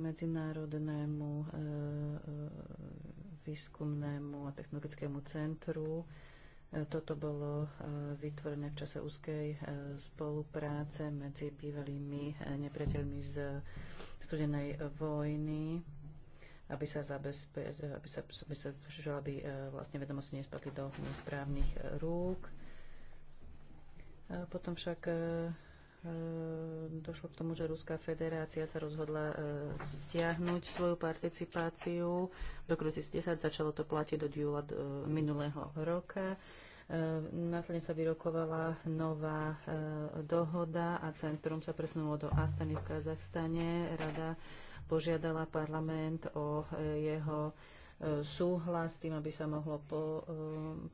Medzinárodnému e, e, výskumnému a technologickému centru. E, toto bolo vytvorené v čase úzkej spolupráce medzi bývalými nepriateľmi z studenej vojny, aby sa, zabezpečilo, aby sa, aby sa aby vlastne vedomosti nespatli do správnych rúk. Potom však Ehm, došlo k tomu, že Ruská federácia sa rozhodla e, stiahnuť svoju participáciu. V roku 2010 začalo to platiť do júla e, minulého roka. Ehm, následne sa vyrokovala nová e, dohoda a centrum sa presunulo do Astany v Kazachstane. Rada požiadala parlament o jeho súhlas s tým, aby sa mohlo po,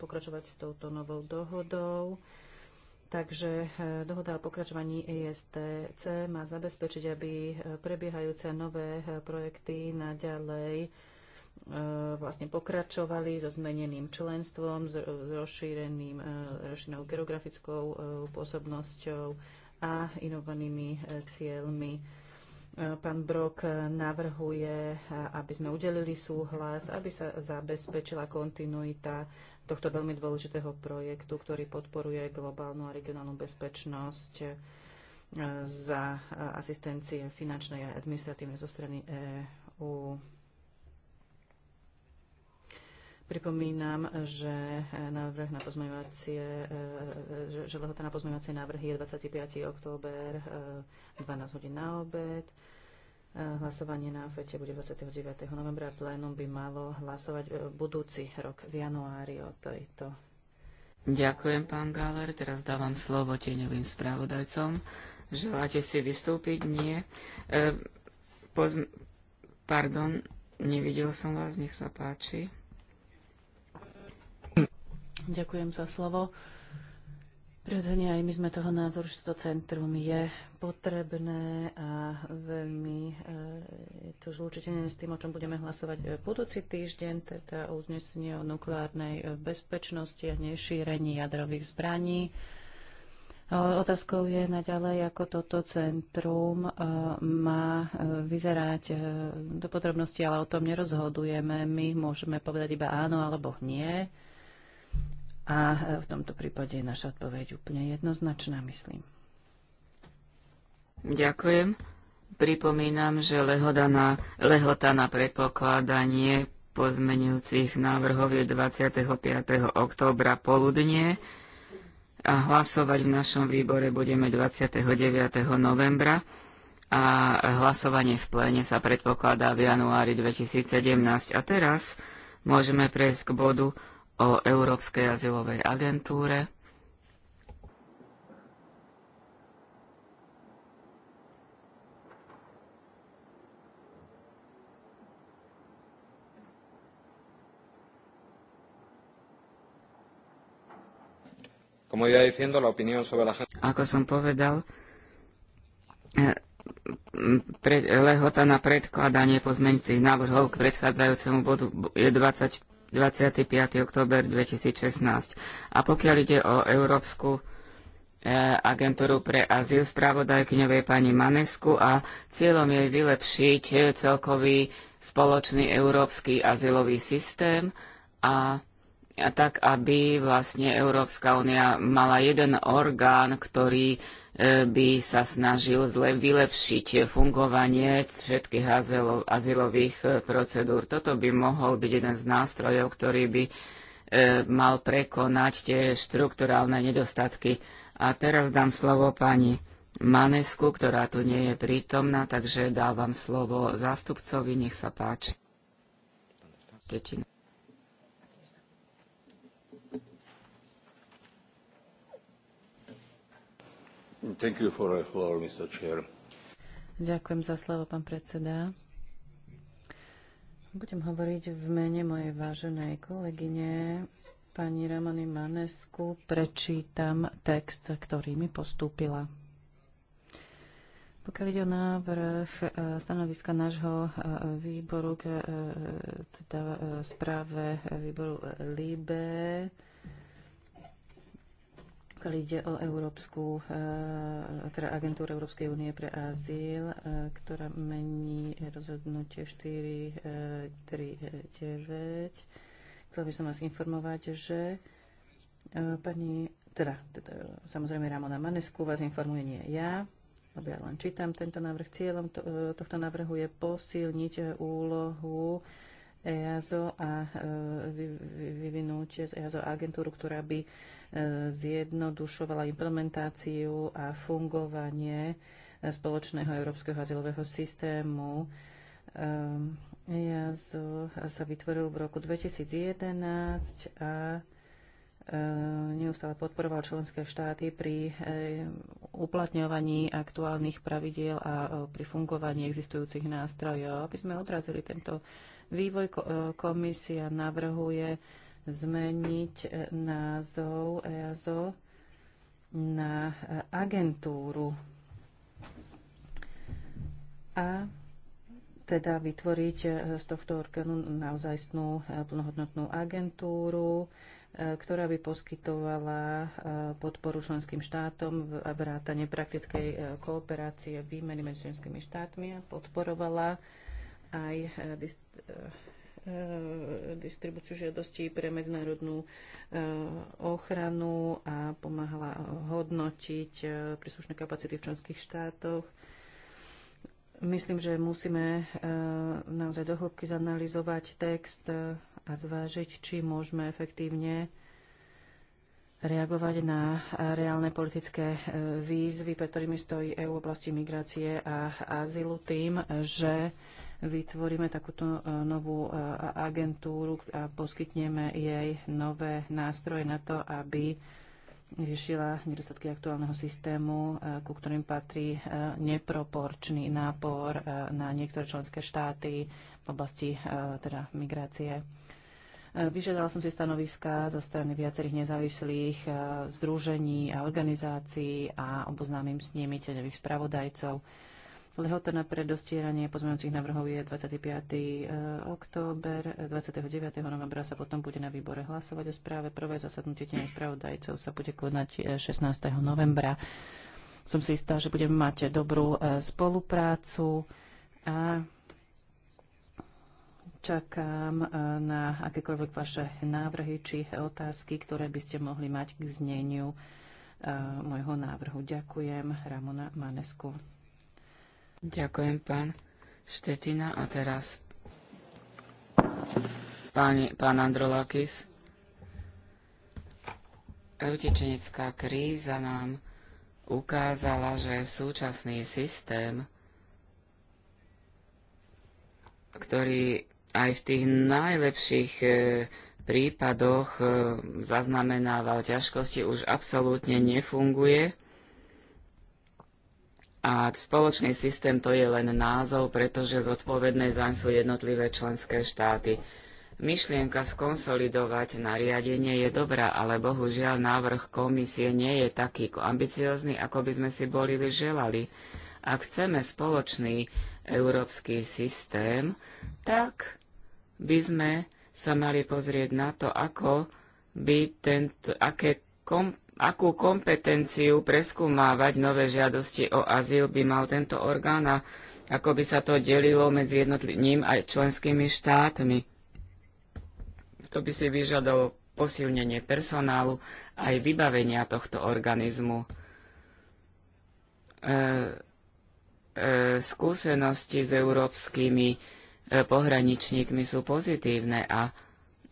pokračovať s touto novou dohodou. Takže e, dohoda o pokračovaní ISTC e má zabezpečiť, aby e, prebiehajúce nové projekty naďalej vlastne pokračovali so zmeneným členstvom, s rozšíreným, rozšírenou geografickou pôsobnosťou a inovanými cieľmi. Pán Brok navrhuje, aby sme udelili súhlas, aby sa zabezpečila kontinuita tohto veľmi dôležitého projektu, ktorý podporuje globálnu a regionálnu bezpečnosť e, za asistencie finančnej a administratívnej zo strany EÚ. Pripomínam, že návrh na pozmeňovacie, e, e, že lehota na pozmeňovacie návrhy je 25. október, 12 hodín na obed. Hlasovanie na fete bude 29. novembra. Plénum by malo hlasovať e, budúci rok v januári o tejto. Ďakujem, pán Galer. Teraz dávam slovo tieňovým správodajcom. Želáte si vystúpiť? Nie. E, pozm- pardon, nevidel som vás. Nech sa páči. Ďakujem za slovo. E, Prirodzene aj my sme toho názoru, že toto centrum je potrebné a veľmi e, je to zlučiteľné s tým, o čom budeme hlasovať e, budúci týždeň, teda o uznesenie o nukleárnej e, bezpečnosti a nešírení jadrových zbraní. Otázkou je naďalej, ako toto centrum má vyzerať do podrobnosti, ale o tom nerozhodujeme. My môžeme povedať iba áno alebo nie. A e, v tomto prípade je naša odpoveď úplne jednoznačná, myslím. Ďakujem. Pripomínam, že lehoda na, lehota na predpokladanie pozmenujúcich návrhov je 25. októbra poludne. a hlasovať v našom výbore budeme 29. novembra a hlasovanie v pléne sa predpokladá v januári 2017. A teraz môžeme prejsť k bodu o Európskej azylovej agentúre. Ako som povedal, eh, pre, lehota na predkladanie pozmeňcích návrhov k predchádzajúcemu bodu je 25. 25. október 2016. A pokiaľ ide o Európsku e, agentúru pre azyl spravodajkyňovej pani Manesku a cieľom je vylepšiť celkový spoločný európsky azylový systém a, a tak, aby vlastne Európska únia mala jeden orgán, ktorý by sa snažil zle vylepšiť fungovanie všetkých azylov, azylových e, procedúr. Toto by mohol byť jeden z nástrojov, ktorý by e, mal prekonať tie štrukturálne nedostatky. A teraz dám slovo pani Manesku, ktorá tu nie je prítomná, takže dávam slovo zástupcovi, nech sa páči. Tetina. Thank you for the floor, Mr. Chair. Ďakujem za slovo, pán predseda. Budem hovoriť v mene mojej váženej kolegyne, pani Ramany Manesku. Prečítam text, ktorý mi postúpila. Pokiaľ ide o návrh e, stanoviska nášho e, výboru k e, teda správe výboru LIBE, pokiaľ ide o Európsku, e, teda agentúru Európskej únie pre azyl, e, ktorá mení rozhodnutie 439. E, Chcel by som vás informovať, že pani, teda, teda samozrejme Ramona Manesku vás informuje, nie ja, lebo ja len čítam tento návrh. Cieľom to, tohto návrhu je posilniť úlohu EASO a vyvinúť vy, vy, navrhnutie z EASO agentúru, ktorá by e, zjednodušovala implementáciu a fungovanie e, spoločného európskeho azylového systému. E, EASO sa vytvoril v roku 2011 a neustále podporoval členské štáty pri uplatňovaní aktuálnych pravidiel a pri fungovaní existujúcich nástrojov. Aby sme odrazili tento vývoj, komisia navrhuje zmeniť e, názov EASO na e, agentúru a teda vytvoriť e, z tohto orgánu naozajstnú plnohodnotnú agentúru, ktorá by poskytovala podporu členským štátom v vrátane praktickej kooperácie výmeny medzi členskými štátmi a podporovala aj E, distribúciu žiadostí pre medzinárodnú e, ochranu a pomáhala hodnotiť e, príslušné kapacity v členských štátoch. Myslím, že musíme naozaj dohlbky zanalizovať text a zvážiť, či môžeme efektívne reagovať na reálne politické výzvy, pred ktorými stojí EU v oblasti migrácie a azylu tým, že vytvoríme takúto e, novú e, agentúru a poskytneme jej nové nástroje na to, aby riešila nedostatky aktuálneho systému, e, ku ktorým patrí neproporčný nápor na niektoré členské štáty v oblasti teda migrácie. Vyžiadala som si stanoviska zo strany viacerých nezávislých združení a organizácií a oboznámim s nimi tieňových spravodajcov. Lehota na predostieranie pozmeňujúcich návrhov je 25. E, október. 29. E, novembra sa potom bude na výbore hlasovať o správe. Prvé zasadnutie tieňov spravodajcov sa bude konať 16. E, novembra. Som si istá, že budeme mať dobrú spoluprácu a čakám na akékoľvek vaše návrhy či otázky, ktoré by ste mohli mať k zneniu môjho návrhu. Ďakujem, Ramona Manesku. Ďakujem, pán Štetina. A teraz Páni, pán Androlakis. Eutečenická kríza nám ukázala, že súčasný systém, ktorý aj v tých najlepších e, prípadoch e, zaznamenával ťažkosti, už absolútne nefunguje a spoločný systém to je len názov, pretože zodpovedné zaň sú jednotlivé členské štáty. Myšlienka skonsolidovať nariadenie je dobrá, ale bohužiaľ návrh komisie nie je taký ambiciózny, ako by sme si boli želali. Ak chceme spoločný európsky systém, tak by sme sa mali pozrieť na to, ako by tento, aké Akú kompetenciu preskúmávať nové žiadosti o azyl by mal tento orgán a ako by sa to delilo medzi jednotlivým a členskými štátmi? To by si vyžadalo posilnenie personálu aj vybavenia tohto organizmu. E, e, skúsenosti s európskymi e, pohraničníkmi sú pozitívne a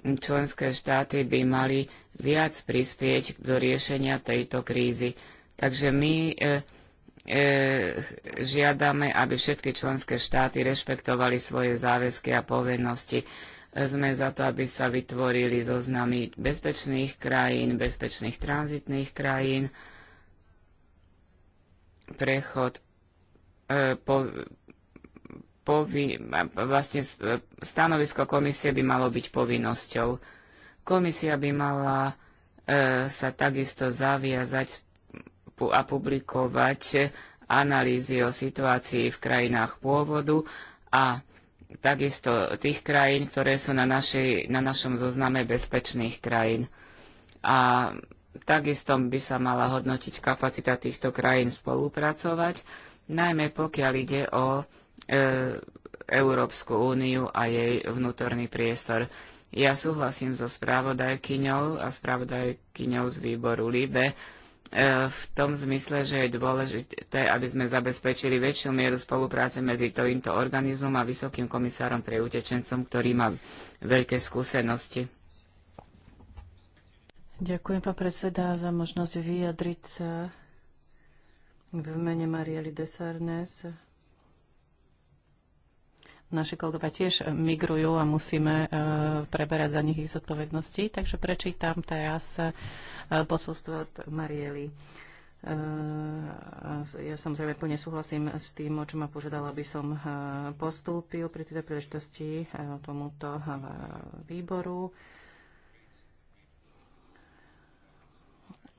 členské štáty by mali viac prispieť do riešenia tejto krízy. Takže my e, e, žiadame, aby všetky členské štáty rešpektovali svoje záväzky a povinnosti. Sme za to, aby sa vytvorili zoznamy bezpečných krajín, bezpečných tranzitných krajín, prechod e, po, vlastne stanovisko komisie by malo byť povinnosťou. Komisia by mala e, sa takisto zaviazať a publikovať analýzy o situácii v krajinách pôvodu a takisto tých krajín, ktoré sú na, našej, na našom zozname bezpečných krajín. A takisto by sa mala hodnotiť kapacita týchto krajín spolupracovať, najmä pokiaľ ide o E, Európsku úniu a jej vnútorný priestor. Ja súhlasím so správodajkyňou a správodajkyňou z výboru LIBE e, v tom zmysle, že je dôležité, aby sme zabezpečili väčšiu mieru spolupráce medzi týmto organizmom a vysokým komisárom pre utečencom, ktorý má veľké skúsenosti. Ďakujem, pán predseda, za možnosť vyjadriť sa v mene Marieli Desarnes Naši kolegovia tiež migrujú a musíme e, preberať za nich ich zodpovednosti. Takže prečítam teraz e, posolstvo od Marieli. E, ja samozrejme plne súhlasím s tým, o čo ma požiadala, aby som postúpil pri tejto príležitosti tomuto výboru.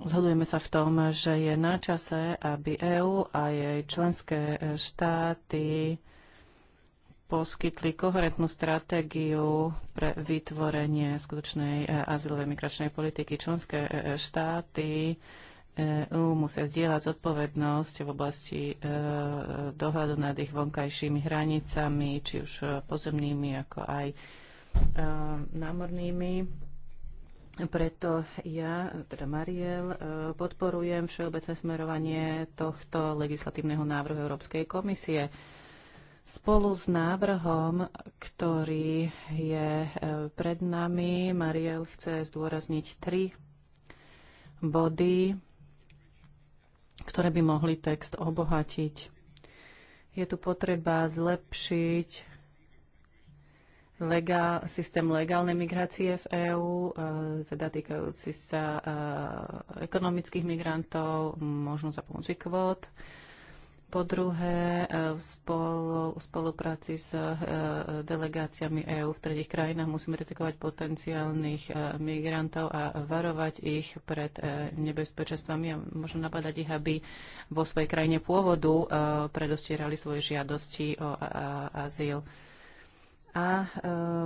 Zhodujeme sa v tom, že je na čase, aby EÚ a jej členské štáty poskytli koherentnú stratégiu pre vytvorenie skutočnej e, azylovej migračnej politiky. Členské e, e, štáty EU musia zdieľať zodpovednosť v oblasti dohľadu nad ich vonkajšími hranicami, či už pozemnými, ako aj námornými. Preto ja, teda Mariel, podporujem všeobecné smerovanie tohto legislatívneho návrhu Európskej komisie. Spolu s návrhom, ktorý je e, pred nami, Mariel chce zdôrazniť tri body, ktoré by mohli text obohatiť. Je tu potreba zlepšiť legál, systém legálnej migrácie v EÚ, e, teda týkajúci sa e, ekonomických migrantov, možno za pomoci kvót. Po druhé, e, v spolu, spolupráci s e, delegáciami EÚ v tretich krajinách musíme detekovať potenciálnych e, migrantov a varovať ich pred nebezpečenstvami a možno napadať ich, aby vo svojej krajine pôvodu predostierali svoje žiadosti o azyl. A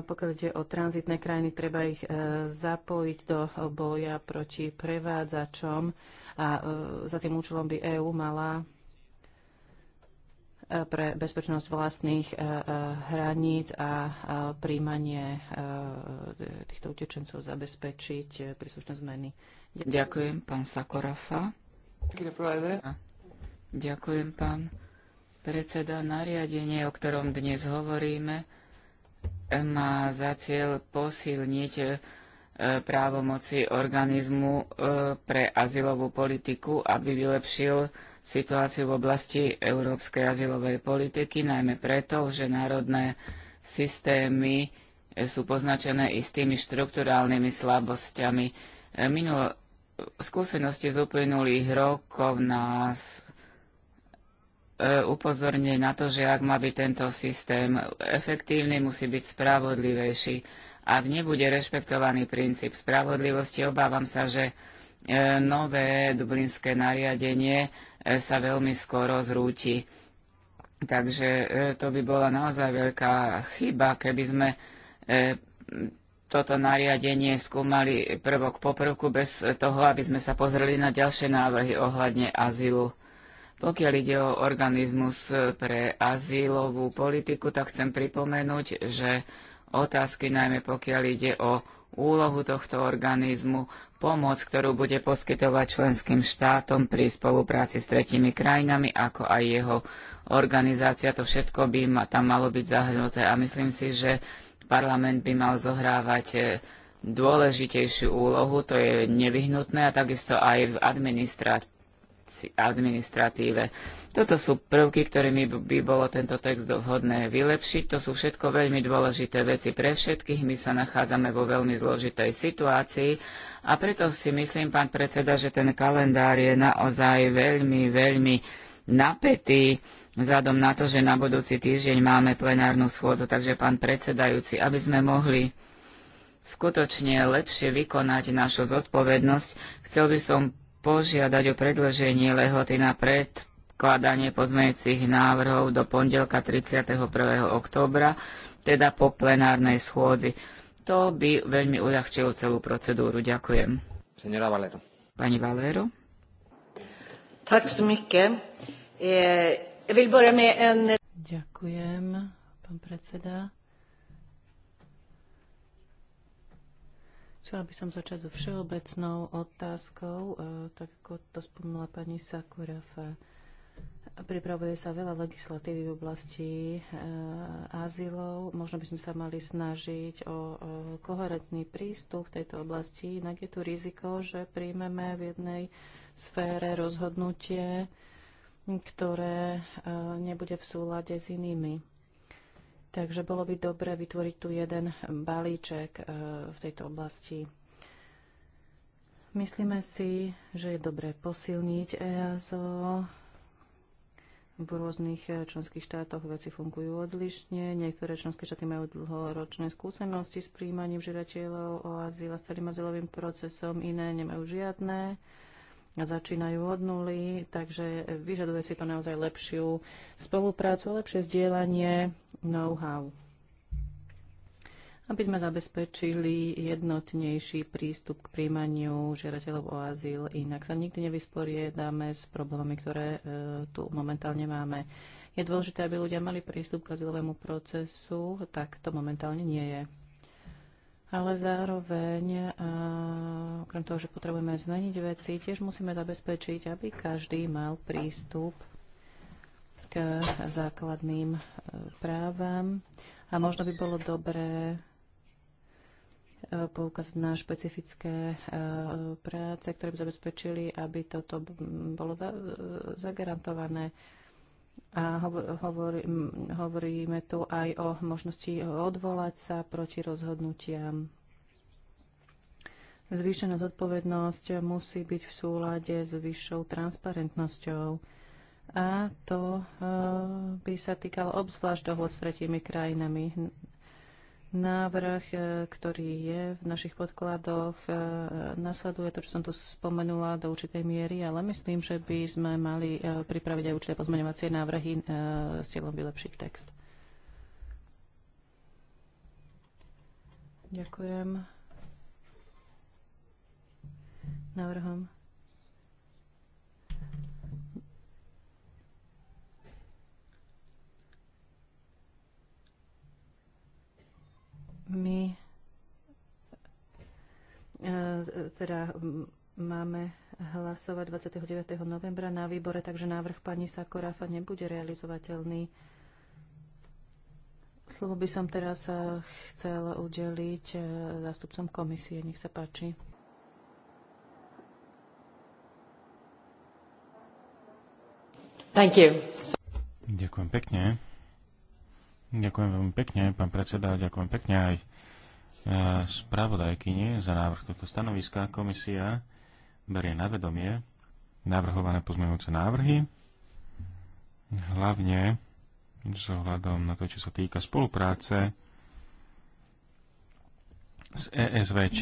pokiaľ ide o tranzitné krajiny, treba ich zapojiť do boja proti prevádzačom a za tým účelom by EÚ mala pre bezpečnosť vlastných e, e, hraníc a príjmanie e, týchto utečencov zabezpečiť príslušné zmeny. Ďakujem, Ďakujem pán Sakorafa. Ďakujem, pán predseda. Nariadenie, o ktorom dnes hovoríme, má za cieľ posilniť právomoci organizmu pre azylovú politiku, aby vylepšil situáciu v oblasti európskej azylovej politiky, najmä preto, že národné systémy sú poznačené istými štruktúrálnymi slabosťami. Minulé skúsenosti z uplynulých rokov nás e, upozornie na to, že ak má byť tento systém efektívny, musí byť spravodlivejší. Ak nebude rešpektovaný princíp spravodlivosti, obávam sa, že e, nové dublinské nariadenie E, sa veľmi skoro zrúti. Takže e, to by bola naozaj veľká chyba, keby sme e, toto nariadenie skúmali prvok po prvku bez toho, aby sme sa pozreli na ďalšie návrhy ohľadne azylu. Pokiaľ ide o organizmus pre azylovú politiku, tak chcem pripomenúť, že otázky najmä pokiaľ ide o úlohu tohto organizmu, pomoc, ktorú bude poskytovať členským štátom pri spolupráci s tretimi krajinami, ako aj jeho organizácia. To všetko by ma, tam malo byť zahrnuté a myslím si, že parlament by mal zohrávať e, dôležitejšiu úlohu, to je nevyhnutné a takisto aj v administrácii administratíve. Toto sú prvky, ktorými by bolo tento text vhodné vylepšiť. To sú všetko veľmi dôležité veci pre všetkých. My sa nachádzame vo veľmi zložitej situácii a preto si myslím, pán predseda, že ten kalendár je naozaj veľmi, veľmi napätý vzhľadom na to, že na budúci týždeň máme plenárnu schôdzu. Takže, pán predsedajúci, aby sme mohli skutočne lepšie vykonať našu zodpovednosť, chcel by som požiadať o predlženie lehoty na predkladanie pozmejúcich návrhov do pondelka 31. októbra, teda po plenárnej schôdzi. To by veľmi uľahčilo celú procedúru. Ďakujem. Senora Valero. Pani Valero. Tak Ďakujem, pán predseda. Chcela by som začať so všeobecnou otázkou, e, tak ako to spomínala pani Sakurafa. Pripravuje sa veľa legislatívy v oblasti e, azylov. Možno by sme sa mali snažiť o e, koherentný prístup v tejto oblasti. Inak je tu riziko, že príjmeme v jednej sfére rozhodnutie, ktoré e, nebude v súlade s inými. Takže bolo by dobre vytvoriť tu jeden balíček e, v tejto oblasti. Myslíme si, že je dobré posilniť EASO. V rôznych e, členských štátoch veci fungujú odlišne. Niektoré členské štáty majú dlhoročné skúsenosti s príjmaním žiadateľov o azyl a s celým azylovým procesom, iné nemajú žiadne začínajú od nuly, takže vyžaduje si to naozaj lepšiu spoluprácu, lepšie zdieľanie know-how. Aby sme zabezpečili jednotnejší prístup k príjmaniu žiadateľov o azyl, inak sa nikdy nevysporiedame s problémami, ktoré e, tu momentálne máme. Je dôležité, aby ľudia mali prístup k azylovému procesu, tak to momentálne nie je ale zároveň, okrem toho, že potrebujeme zmeniť veci, tiež musíme zabezpečiť, aby každý mal prístup k základným e, právam. A možno by bolo dobré e, poukázať na špecifické e, práce, ktoré by zabezpečili, aby toto bolo zagarantované. A hovor, hovoríme tu aj o možnosti odvolať sa proti rozhodnutiam. Zvýšená zodpovednosť musí byť v súlade s vyššou transparentnosťou. A to e, by sa týkalo obzvlášť dohod s tretími krajinami. Návrh, e, ktorý je v našich podkladoch, e, nasleduje to, čo som tu spomenula do určitej miery, ale myslím, že by sme mali e, pripraviť aj určité pozmeňovacie návrhy s cieľom vylepšiť text. Ďakujem. Návrhom. My e, teda máme hlasovať 29. novembra na výbore, takže návrh pani Sakorafa nebude realizovateľný. Slovo by som teraz e, chcel udeliť e, zástupcom komisie. Nech sa páči. Thank you. Ďakujem pekne. Ďakujem veľmi pekne, pán predseda, ďakujem pekne aj e, spravodajkyni za návrh tohto stanoviska. Komisia berie na vedomie navrhované pozmeňujúce návrhy, hlavne s ohľadom na to, čo sa týka spolupráce s ESVČ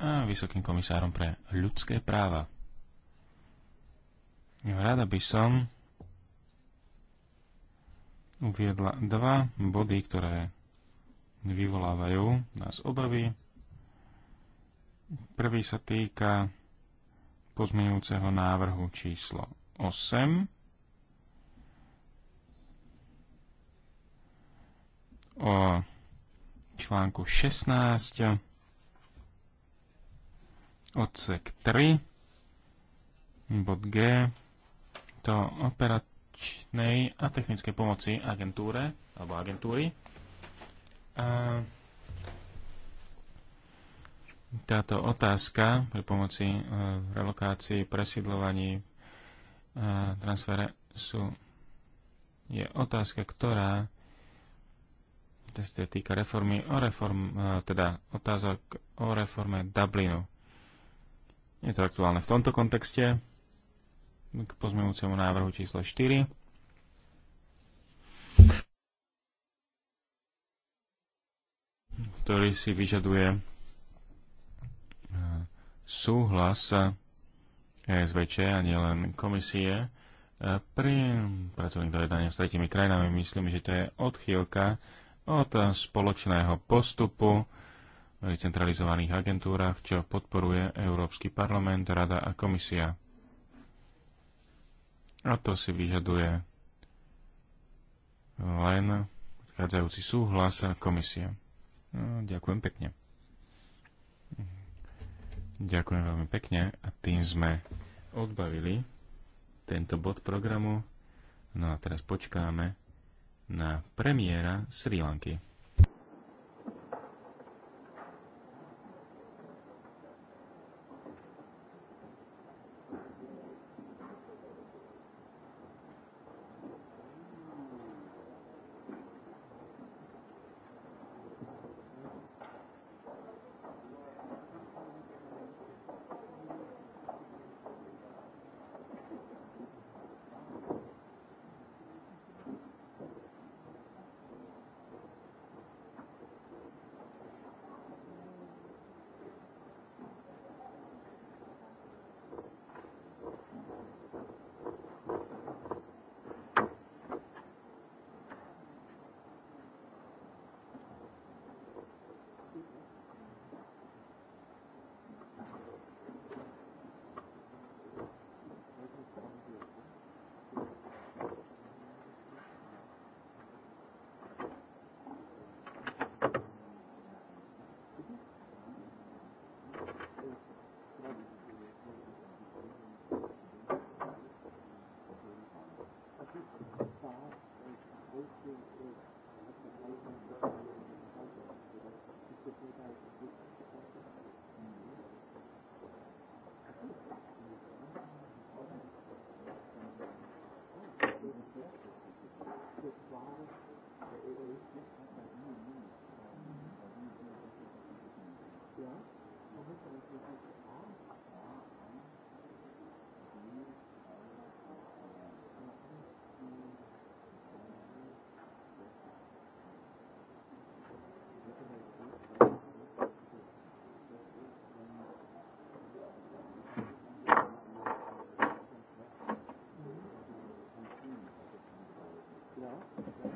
a Vysokým komisárom pre ľudské práva. Rada by som uviedla dva body, ktoré vyvolávajú nás obavy. Prvý sa týka pozmeňujúceho návrhu číslo 8. o článku 16 odsek 3 bod G to operat finančnej a technickej pomoci agentúre alebo agentúry. A táto otázka pri pomoci e, v relokácii, presídlovaní, e, transfere sú, je otázka, ktorá teda týka reformy o reform, e, teda otázok o reforme Dublinu. Je to aktuálne v tomto kontexte k pozmeňujúcemu návrhu číslo 4. ktorý si vyžaduje e, súhlas e SVČ a nielen komisie e, pri pracovných dojednaniach s tretimi krajinami. Myslím, že to je odchýlka od spoločného postupu v centralizovaných agentúrach, čo podporuje Európsky parlament, Rada a komisia. A to si vyžaduje len odchádzajúci súhlas komisie. No, ďakujem pekne. Ďakujem veľmi pekne a tým sme odbavili tento bod programu. No a teraz počkáme na premiéra Sri Lanky. you.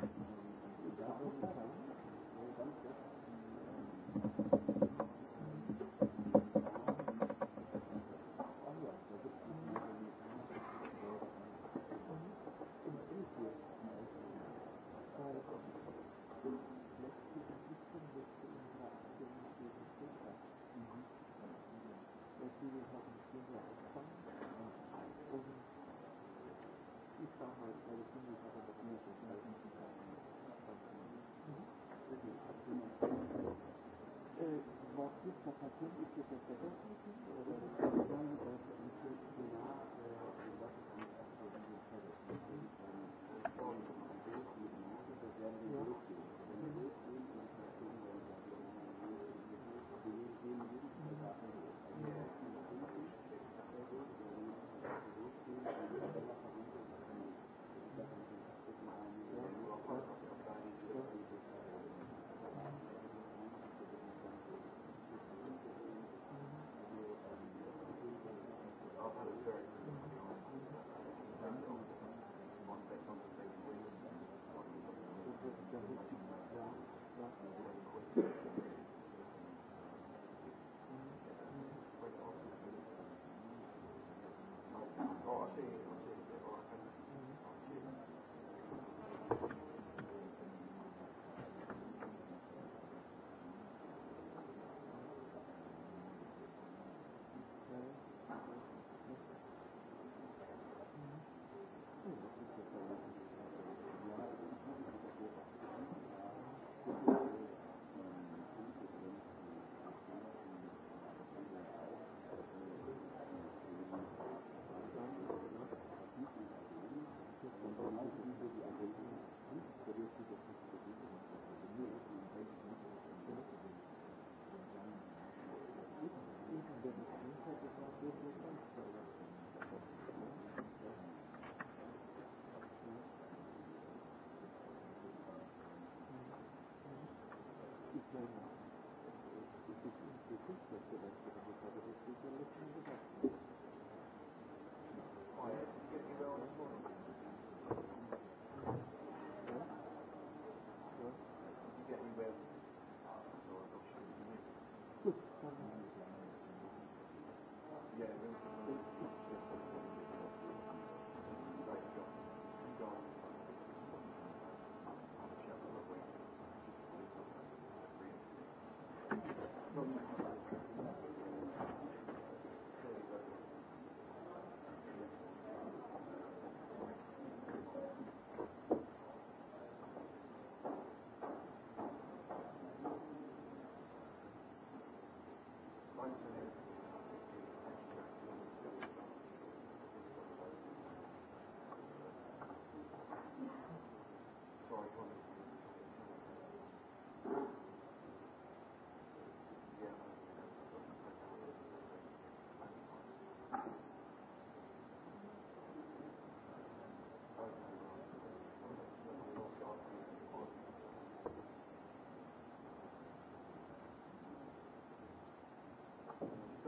was jetzt noch passiert ist, ist das veröffentlichen oder das dann aus dem vierten Jahr das werden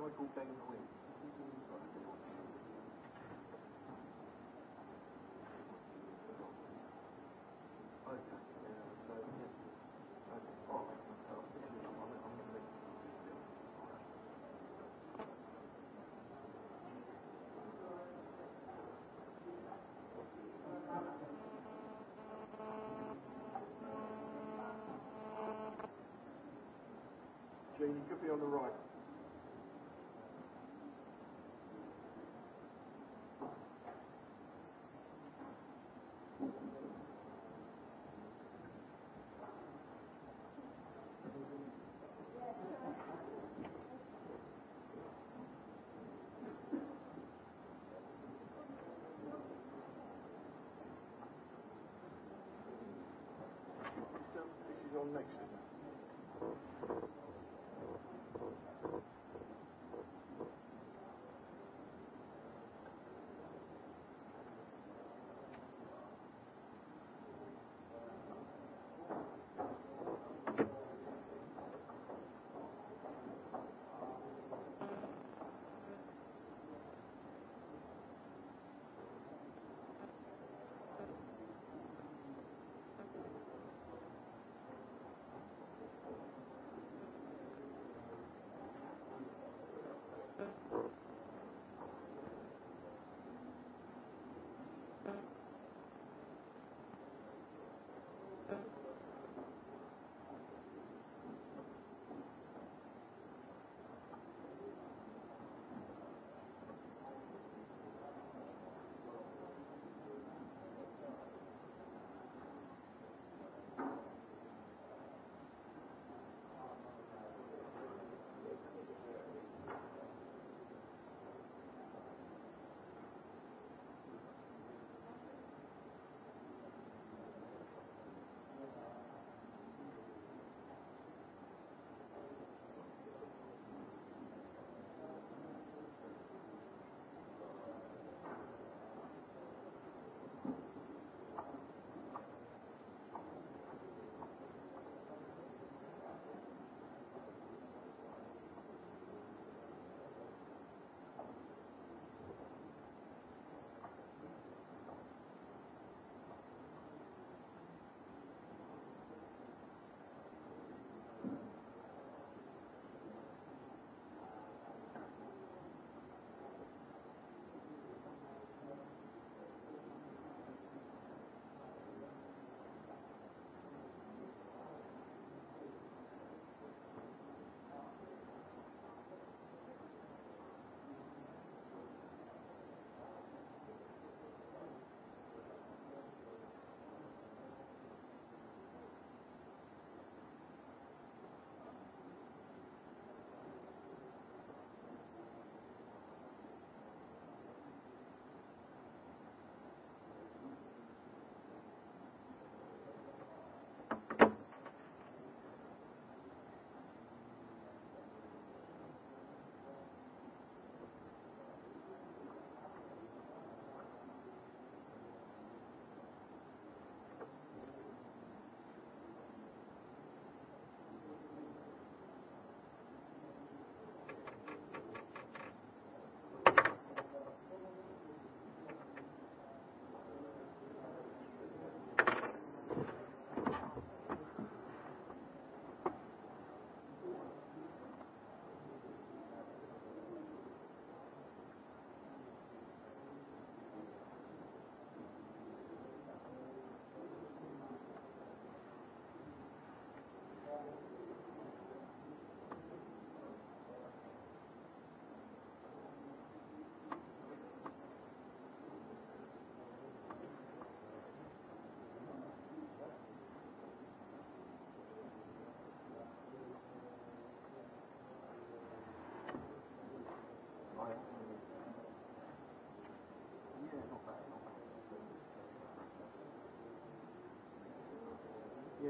Okay. Yeah, so, yeah. you could be on the right. on next.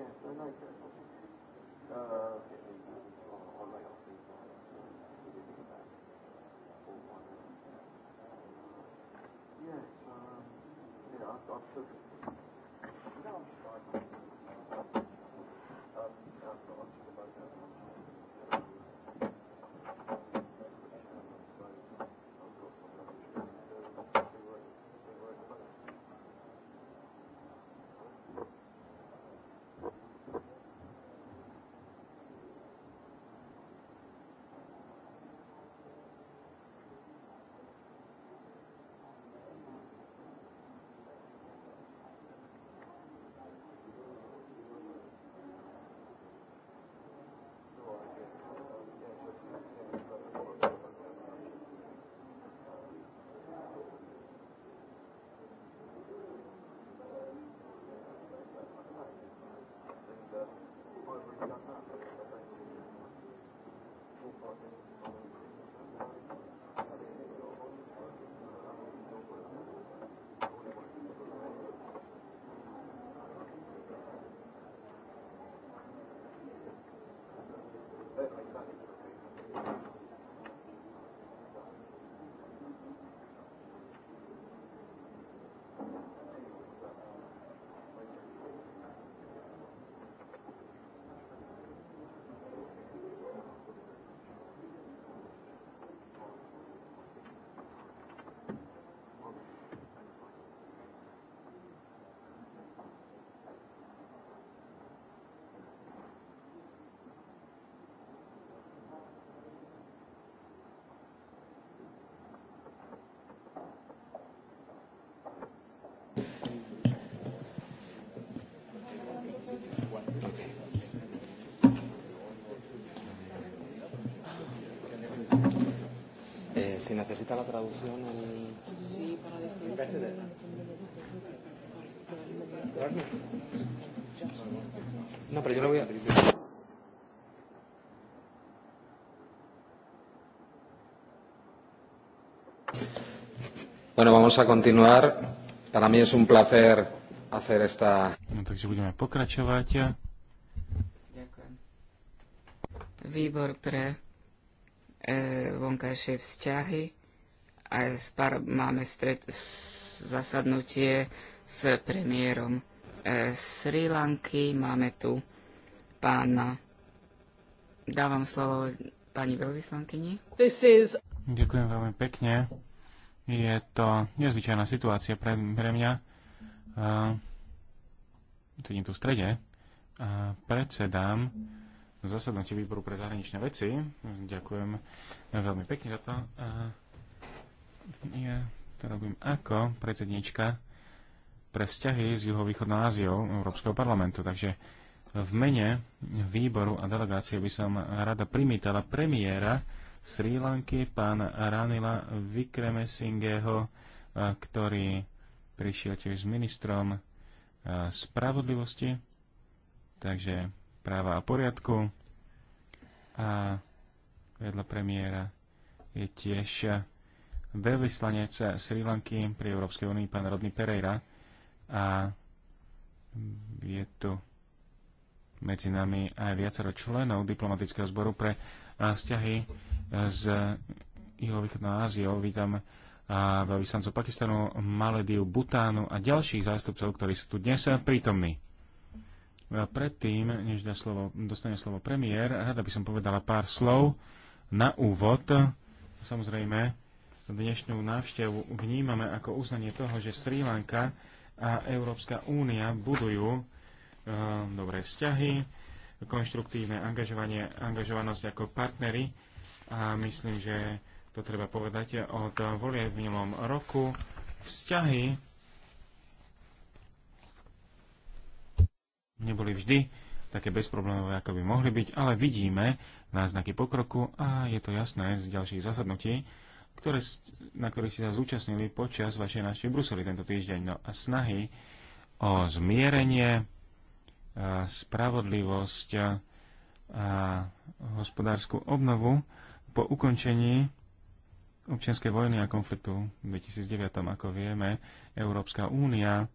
Yeah, I Uh, yes, um, yeah, I've, I've si necesita la traducción el... Sí, para decir... No, no, pero yo lo voy a... Bueno, vamos a continuar. Para mí es un placer hacer esta... No, takže budeme pokračovať. Ďakujem. Výbor pre E, vonkajšie vzťahy a máme stret, zasadnutie s premiérom e, Sri Lanky, máme tu pána, dávam slovo pani veľvyslankyni. Is... Ďakujem veľmi pekne. Je to nezvyčajná situácia pre, pre mňa. Uh, sedím tu v strede a predsedám zasadnutie výboru pre zahraničné veci. Ďakujem veľmi pekne za to. A ja to robím ako predsednička pre vzťahy s juhovýchodnou Áziou Európskeho parlamentu. Takže v mene výboru a delegácie by som rada primítala premiéra Sri Lanky, pán Ranila Vikremesingého, ktorý prišiel tiež s ministrom spravodlivosti. Takže práva a poriadku a vedľa premiéra je tiež veľvyslanec Sri Lanky pri Európskej únii, pán Rodný Pereira. A je tu medzi nami aj viacero členov diplomatického zboru pre vzťahy s juhovýchodnou Áziou. Vítam veľvyslancov Pakistanu, Malediu, Butánu a ďalších zástupcov, ktorí sú tu dnes prítomní predtým, než dá slovo, dostane slovo premiér, rada by som povedala pár slov na úvod. Samozrejme, dnešnú návštevu vnímame ako uznanie toho, že Sri Lanka a Európska únia budujú e, dobré vzťahy, konštruktívne angažovanie, angažovanosť ako partnery a myslím, že to treba povedať eh, od volie v minulom roku. Vzťahy neboli vždy také bezproblémové, ako by mohli byť, ale vidíme náznaky pokroku a je to jasné z ďalších zasadnutí, ktoré, na ktorých ste sa zúčastnili počas vašej návštevy v Bruseli tento týždeň. No a snahy o zmierenie, a spravodlivosť a hospodárskú obnovu po ukončení občianskej vojny a konfliktu v 2009, ako vieme, Európska únia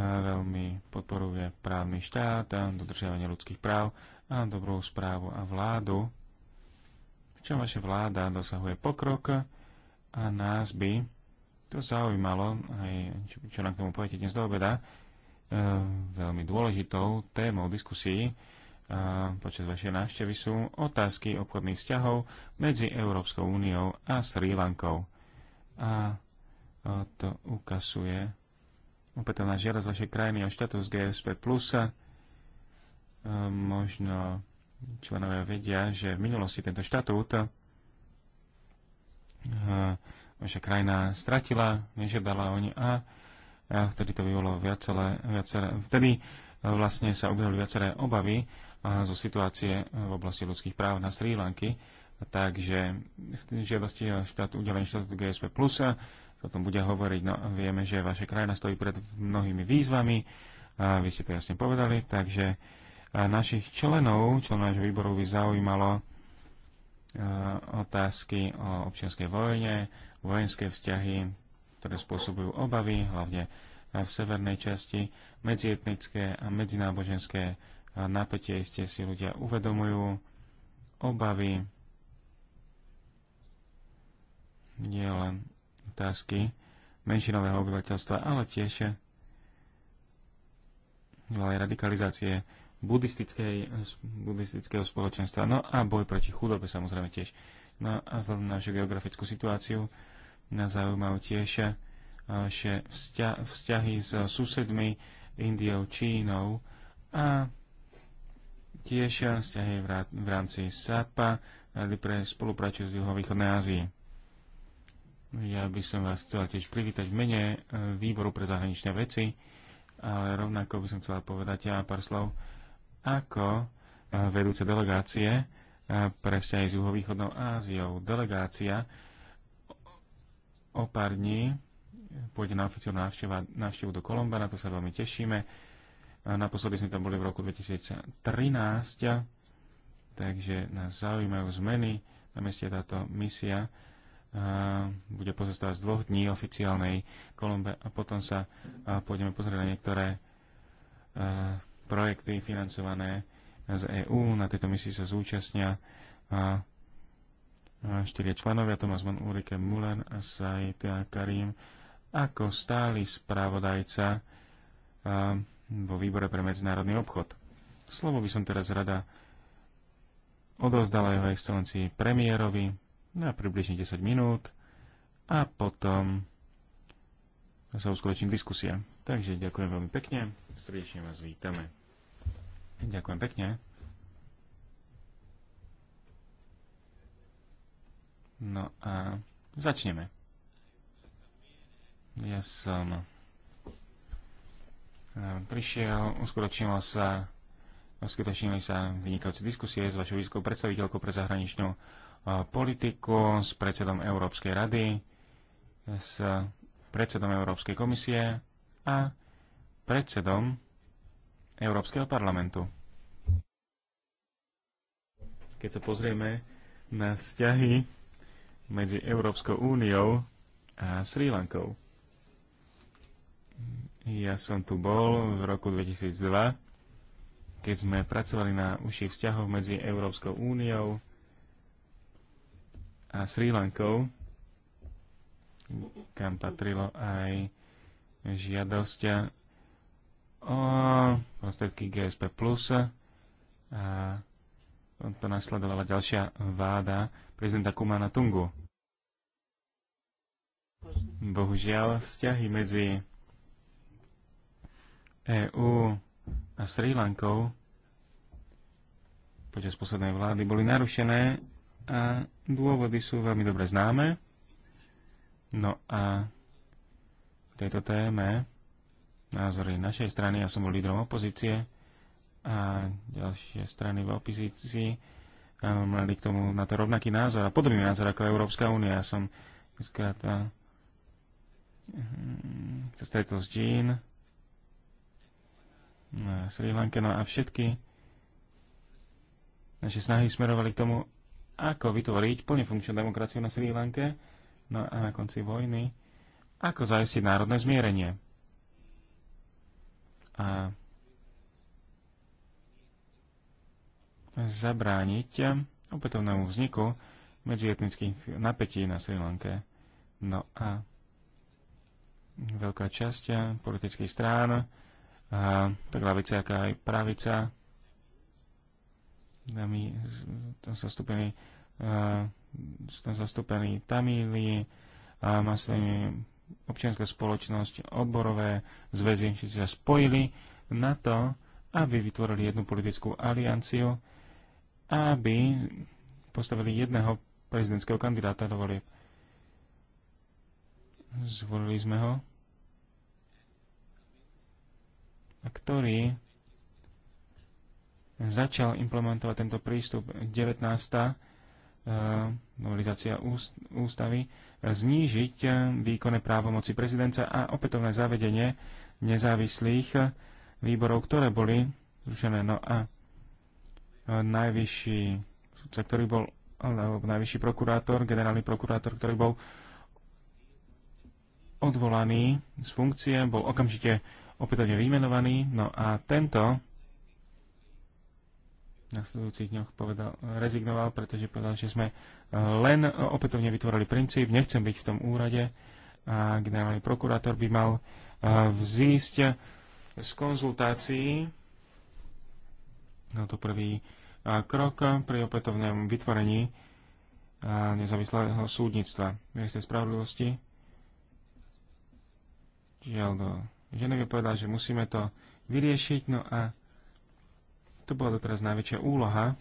veľmi podporuje právny štát a dodržiavanie ľudských práv a dobrú správu a vládu. V čom vaša vláda dosahuje pokrok a nás by to zaujímalo, aj čo, čo nám k tomu poviete dnes do obeda, e, veľmi dôležitou témou diskusí e, počas vašej návštevy sú otázky obchodných vzťahov medzi Európskou úniou a Sri Lankou. A e, to ukazuje opätovná žiadosť vašej krajiny o štatus GSP+, e, možno členovia vedia, že v minulosti tento štatút e, vaša krajina stratila, nežiadala o ne a vtedy to vyvolalo viacere, viacere, vtedy e, vlastne sa objavili viaceré obavy zo situácie v oblasti ľudských práv na Sri Lanky. Takže žiadosti o štát, udelenie štátu GSP Plus sa o tom bude hovoriť. No, vieme, že vaša krajina stojí pred mnohými výzvami, a vy ste to jasne povedali, takže našich členov, členov nášho výboru by zaujímalo otázky o občianskej vojne, vojenské vzťahy, ktoré spôsobujú obavy, hlavne v severnej časti, medzietnické a medzináboženské napätie, ste si ľudia uvedomujú, obavy, nie len otázky menšinového obyvateľstva, ale tiež aj radikalizácie buddhistického spoločenstva. No a boj proti chudobe samozrejme tiež. No a vzhľadom na našu geografickú situáciu nás zaujímajú tiež eh, že vzťa, vzťahy s susedmi Indiou, Čínou a tiež eh, vzťahy v rámci SAPA, pre spoluprácu z juhovýchodnej Ázie. Ja by som vás chcela tiež privítať v mene eh, Výboru pre zahraničné veci, ale rovnako by som chcela povedať ja pár slov, ako eh, vedúce delegácie eh, pre vzťahy s juhovýchodnou Áziou. Delegácia o pár dní pôjde na oficiálnu návštevu do Kolomba, na to sa veľmi tešíme. Naposledy sme tam boli v roku 2013, takže nás zaujímajú zmeny. Na meste táto misia bude pozostávať z dvoch dní oficiálnej Kolumbe a potom sa pôjdeme pozrieť na niektoré projekty financované z EÚ. Na tejto misii sa zúčastnia štyria členovia, Tomás von Ulrike Mullen a Said Karim, ako stály správodajca vo výbore pre medzinárodný obchod. Slovo by som teraz rada odozdala jeho excelencii premiérovi, na približne 10 minút a potom sa uskutoční diskusia. Takže ďakujem veľmi pekne, srdečne vás vítame. Ďakujem pekne. No a začneme. Ja som eh, prišiel, uskutočnilo sa, uskutočnili sa vynikajúce diskusie s vašou výskou predstaviteľkou pre zahraničnú politiku, s predsedom Európskej rady, s predsedom Európskej komisie a predsedom Európskeho parlamentu. Keď sa pozrieme na vzťahy medzi Európskou úniou a Sri Lankou. Ja som tu bol v roku 2002, keď sme pracovali na uších vzťahov medzi Európskou úniou a Sri Lankou, kam patrilo aj žiadosť o prostriedky GSP+, a to nasledovala ďalšia váda prezidenta Kumana Tungu. Bohužiaľ, vzťahy medzi EÚ a Sri Lankou počas poslednej vlády boli narušené a dôvody sú veľmi dobre známe. No a v tejto téme názory našej strany, ja som bol lídrom opozície a ďalšie strany v opozícii mali k tomu na to rovnaký názor a podobný názor ako Európska únia. Ja som dneska hm, sa stretol s Jean, Sri Lanke, no a všetky naše snahy smerovali k tomu, ako vytvoriť plne funkčnú demokraciu na Sri Lanke no a na konci vojny, ako zajistiť národné zmierenie. A zabrániť opätovnému vzniku medzietnických napätí na Sri Lanke. No a veľká časť politických strán, a tak ľavica, aká aj pravica, nami, tam zastúpení, uh, tam zastúpení Tamíli, uh, maslimi, občianská spoločnosť, odborové zväzy, všetci sa spojili na to, aby vytvorili jednu politickú alianciu, aby postavili jedného prezidentského kandidáta do volieb. Zvolili sme ho. A ktorý začal implementovať tento prístup 19. Eh, novelizácia ústavy, znížiť eh, výkonné právomoci prezidenta a opätovné zavedenie nezávislých eh, výborov, ktoré boli zrušené. No a najvyšší sudca, ktorý bol, alebo najvyšší prokurátor, generálny prokurátor, ktorý bol odvolaný z funkcie, bol okamžite opätovne vymenovaný. No a tento nasledujúcich dňoch povedal, rezignoval, pretože povedal, že sme eh, len eh, opätovne vytvorili princíp, nechcem byť v tom úrade a generálny prokurátor by mal eh, vzísť z konzultácií no to prvý krok pri opätovnom vytvorení nezávislého súdnictva minister spravodlivosti žiaľ do Ženevy povedal, že musíme to vyriešiť, no a to bola doteraz najväčšia úloha.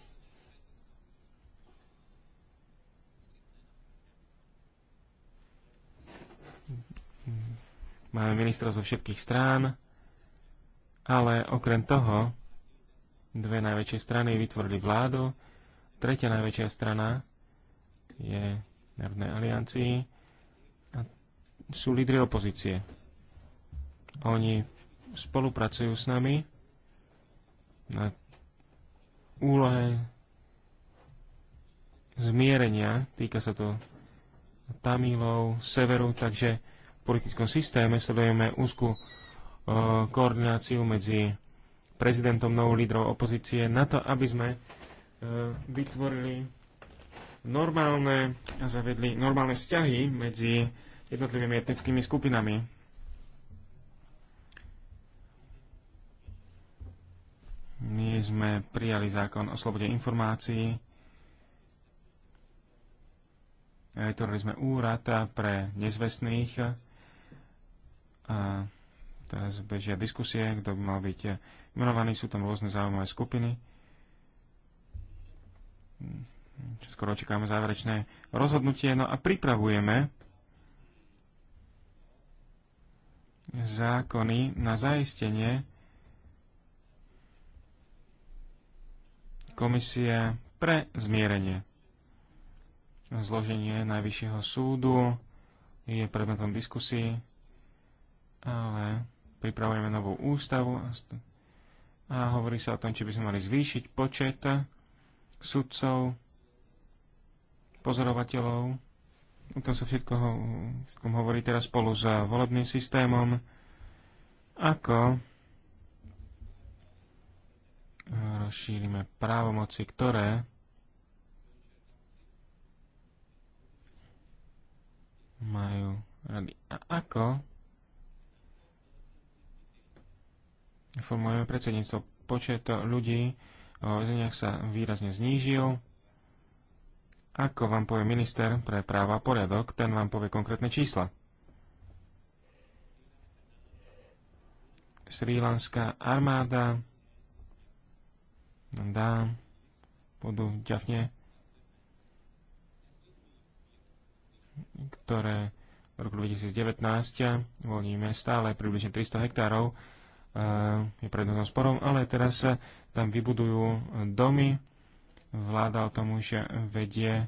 Máme ministrov zo všetkých strán, ale okrem toho dve najväčšie strany vytvorili vládu, tretia najväčšia strana je Národnej aliancii a sú lídry opozície. Oni spolupracujú s nami na úlohe zmierenia, týka sa to Tamilov, severu, takže v politickom systéme sledujeme úzku e, koordináciu medzi prezidentom, novou lídrov opozície na to, aby sme e, vytvorili normálne a zavedli normálne vzťahy medzi jednotlivými etnickými skupinami. My sme prijali zákon o slobode informácií. Vytvorili sme úrad pre nezvestných. A teraz bežia diskusie, kto by mal byť menovaný. Sú tam rôzne zaujímavé skupiny. Skoro očakávame záverečné rozhodnutie. No a pripravujeme zákony na zaistenie komisie pre zmierenie. Zloženie Najvyššieho súdu je predmetom diskusí, ale pripravujeme novú ústavu a hovorí sa o tom, či by sme mali zvýšiť počet sudcov, pozorovateľov. O tom sa všetko hovorí teraz spolu s volebným systémom, ako rozšírime právomoci, ktoré majú rady. A ako formujeme predsedníctvo? Počet ľudí o väzeniach sa výrazne znížil. Ako vám povie minister pre práva a poriadok, ten vám povie konkrétne čísla. Sri Lanská armáda dá pôdu v ktoré v roku 2019 uvoľníme stále približne 300 hektárov. E, je predmetom sporom, ale teraz sa tam vybudujú domy. Vláda o tom už vedie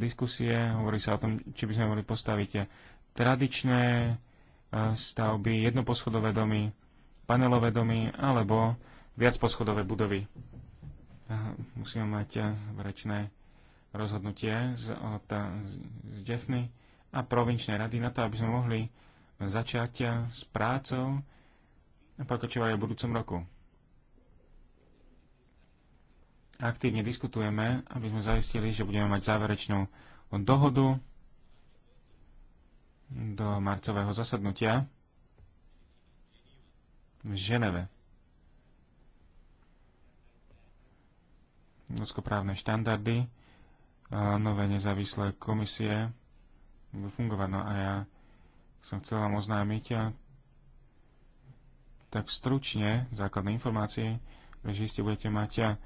diskusie. Hovorí sa o tom, či by sme mohli postaviť tradičné e, stavby, jednoposchodové domy, panelové domy alebo viac poschodové budovy. Musíme mať verečné rozhodnutie z, od, z Jeffny a provinčnej rady na to, aby sme mohli začať s prácou a pokračovať aj v budúcom roku. Aktívne diskutujeme, aby sme zaistili, že budeme mať záverečnú dohodu do marcového zasadnutia v Ženeve. Ľudskoprávne štandardy nové nezávislé komisie budú fungovať. No a ja som chcel vám oznámiť a tak stručne základné informácie, že iste budete mať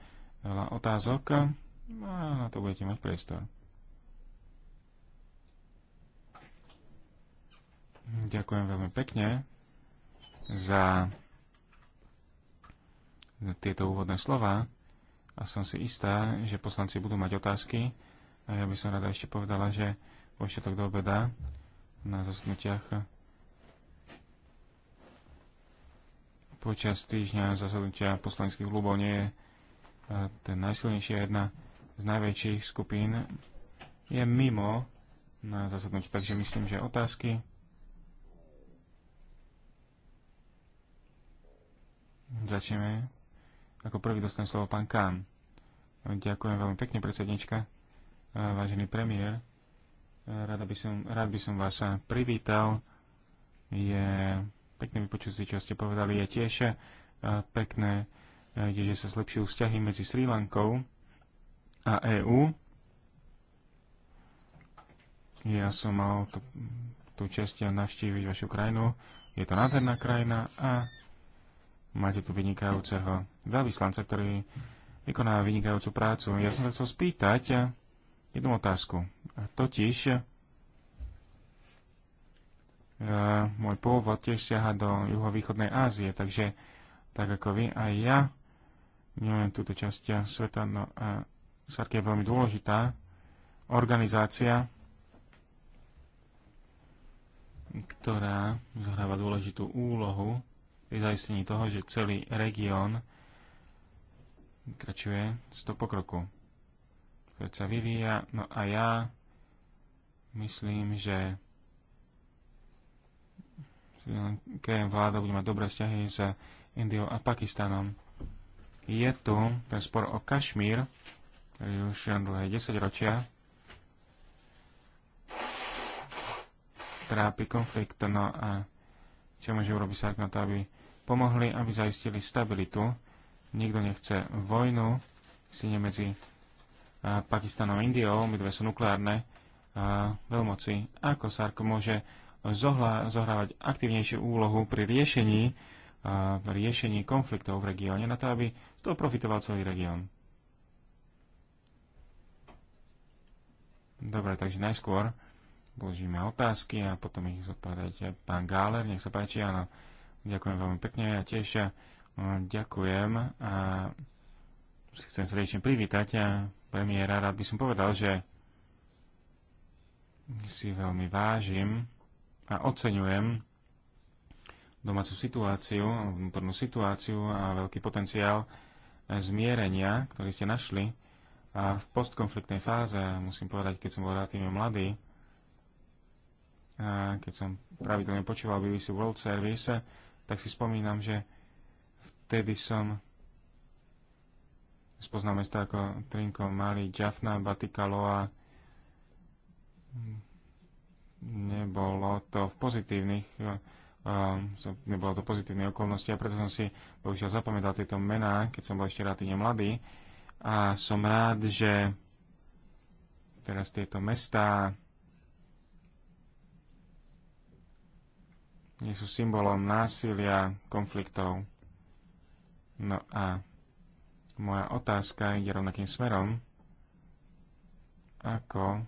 veľa otázok no a na to budete mať priestor. Ďakujem veľmi pekne za tieto úvodné slova a som si istá, že poslanci budú mať otázky. A ja by som rada ešte povedala, že vo všetok do obeda na zasnutiach počas týždňa zasadnutia poslaneckých klubov nie je e, ten najsilnejší jedna z najväčších skupín je mimo na zasadnutí. Takže myslím, že otázky Začneme ako prvý dostane slovo pán Kán. Ďakujem veľmi pekne, predsednička. E, vážený premiér, e, Rád by som, rád by som vás privítal. Je pekné vypočuť si, čo ste povedali. Je tiež e, pekné, že sa zlepšujú vzťahy medzi Sri Lankou a EÚ. Ja som mal tú, tú čest navštíviť vašu krajinu. Je to nádherná krajina a Máte tu vynikajúceho veľvyslanca, ktorý vykonáva vynikajúcu prácu. Ja som sa chcel spýtať jednu otázku. A totiž e, môj pôvod tiež siaha do juhovýchodnej Ázie, takže tak ako vy aj ja, neviem, túto časť sveta, no a SARK je veľmi dôležitá organizácia, ktorá zohráva dôležitú úlohu pri zaistení toho, že celý región kračuje z toho pokroku, ktorý sa vyvíja. No a ja myslím, že KM vláda bude mať dobré vzťahy s Indiou a Pakistanom. Je tu ten spor o Kašmír, ktorý už dlhé 10 ročia trápi konflikt, no a čo môže urobiť sa na to, aby pomohli, aby zaistili stabilitu. Nikto nechce vojnu, sine medzi Pakistanom a Indiou, my dve sú nukleárne veľmoci. Ako Sarko môže zohla, zohrávať aktívnejšiu úlohu pri riešení, riešení konfliktov v regióne, na to, aby z toho profitoval celý región? Dobre, takže najskôr položíme otázky a potom ich zodpovedajte. Pán Gáler, nech sa páči, áno. Ďakujem veľmi pekne. Ja tiež eh, ďakujem a chcem srdečne privítať a eh, premiéra. Rád by som povedal, že si veľmi vážim a oceňujem domácu situáciu, vnútornú situáciu a veľký potenciál eh, zmierenia, ktorý ste našli. A v postkonfliktnej fáze, musím povedať, keď som bol relatívne mladý, a keď som pravidelne počúval BBC World Service, tak si spomínam, že vtedy som spoznal mesto ako Trinko, Mali, Jaffna, Batikaloa. Nebolo to v pozitívnych eh, eh, nebolo to pozitívne okolnosti a preto som si bohužiaľ zapamätal tieto mená, keď som bol ešte rád mladý. A som rád, že teraz tieto mestá nie sú symbolom násilia, konfliktov. No a moja otázka ide rovnakým smerom ako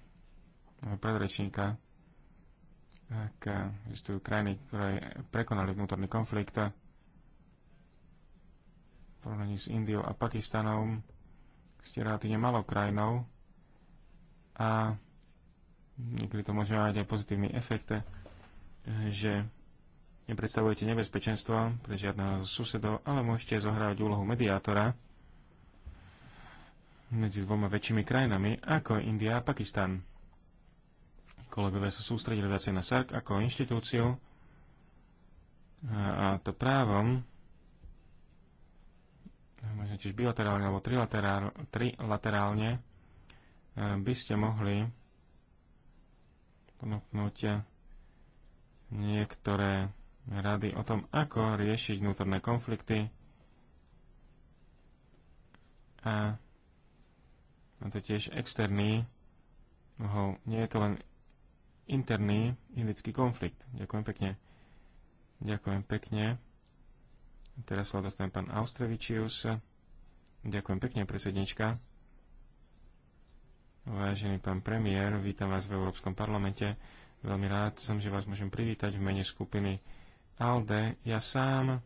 môj predrečníka, ak existujú krajiny, ktoré prekonali vnútorný konflikt v porovnaní s Indiou a Pakistanom, ste relatívne malou krajinou a niekedy to môže mať aj pozitívny efekt, že nepredstavujete nebezpečenstvo pre žiadneho susedov, ale môžete zohrávať úlohu mediátora medzi dvoma väčšími krajinami, ako India a Pakistan. Kolegovia sa sústredili viacej na SARC ako inštitúciu a, to právom možno tiež bilaterálne alebo trilaterálne, by ste mohli ponúknuť niektoré rady o tom, ako riešiť vnútorné konflikty a má to tiež externý mohol, Nie je to len interný indický konflikt. Ďakujem pekne. Ďakujem pekne. Teraz sa dostane pán Austrevičius. Ďakujem pekne, predsednička. Vážený pán premiér, vítam vás v Európskom parlamente. Veľmi rád som, že vás môžem privítať v mene skupiny Alde, ja sám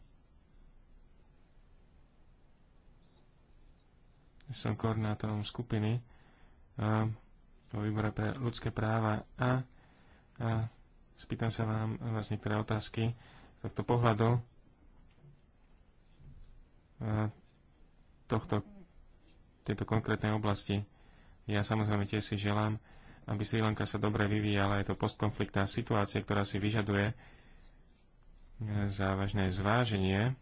som koordinátorom skupiny vo výbore pre ľudské práva a, a spýtam sa vám vás vlastne, niektoré otázky z tohto pohľadu tohto, tejto konkrétnej oblasti. Ja samozrejme tiež si želám, aby Sri Lanka sa dobre vyvíjala. Je to postkonfliktná situácia, ktorá si vyžaduje závažné zváženie, e,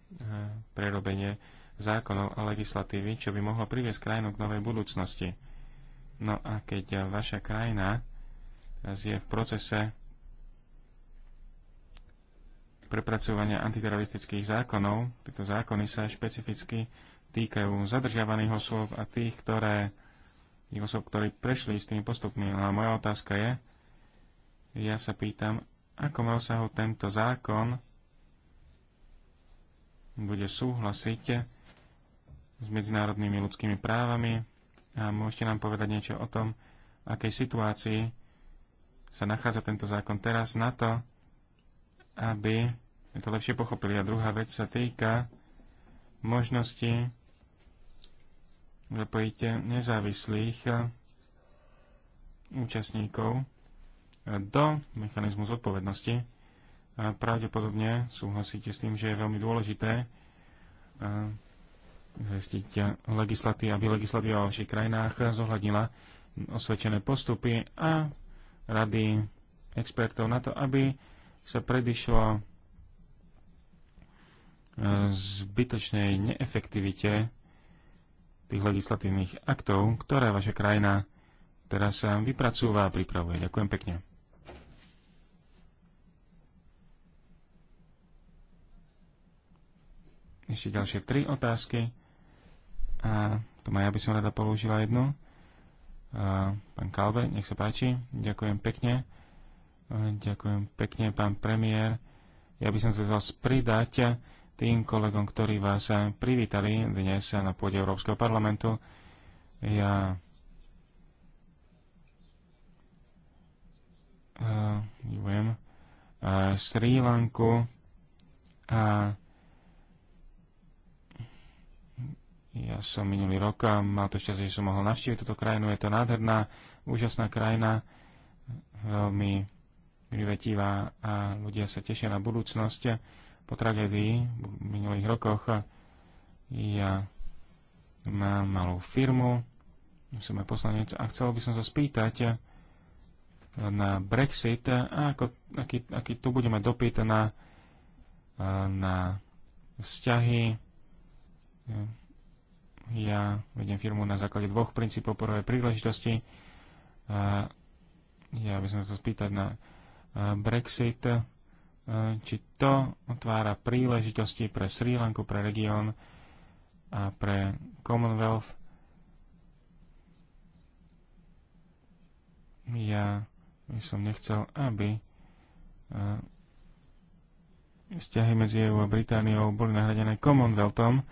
prerobenie zákonov a legislatívy, čo by mohlo priviesť krajinu k novej budúcnosti. No a keď vaša krajina je v procese prepracovania antiteroristických zákonov, tieto zákony sa špecificky týkajú zadržiavaných osôb a tých, ktoré, tých osôb, ktorí prešli s tými postupmi. No a moja otázka je, ja sa pýtam, akom rozsahu tento zákon bude súhlasiť s medzinárodnými ľudskými právami a môžete nám povedať niečo o tom, v akej situácii sa nachádza tento zákon teraz na to, aby sme to lepšie pochopili. A druhá vec sa týka možnosti zapojiť nezávislých účastníkov do mechanizmu zodpovednosti pravdepodobne súhlasíte s tým, že je veľmi dôležité zajistiť legislatívu, aby legislatíva v vašich krajinách zohľadnila osvedčené postupy a rady expertov na to, aby sa predišlo zbytočnej neefektivite tých legislatívnych aktov, ktoré vaša krajina teraz vypracúva a pripravuje. Ďakujem pekne. ešte ďalšie tri otázky. A tu ma ja by som rada položila jednu. A, pán Kalbe, nech sa páči. Ďakujem pekne. A, ďakujem pekne, pán premiér. Ja by som sa chcel pridať tým kolegom, ktorí vás privítali dnes na pôde Európskeho parlamentu. Ja uh, neviem, uh, Sri Lanku a uh, Ja som minulý rok a mal to šťastie, že som mohol navštíviť túto krajinu. Je to nádherná, úžasná krajina, veľmi privetivá a ľudia sa tešia na budúcnosť po tragédii v minulých rokoch. Ja mám malú firmu, som aj poslanec a chcel by som sa spýtať na Brexit a ako, aký, aký tu budeme dopyt na, na vzťahy ja vediem firmu na základe dvoch princípov. Prvé príležitosti. Ja by som sa spýtať na Brexit, či to otvára príležitosti pre Sri Lanku, pre región a pre Commonwealth. Ja by som nechcel, aby vzťahy medzi EU a Britániou boli nahradené Commonwealthom,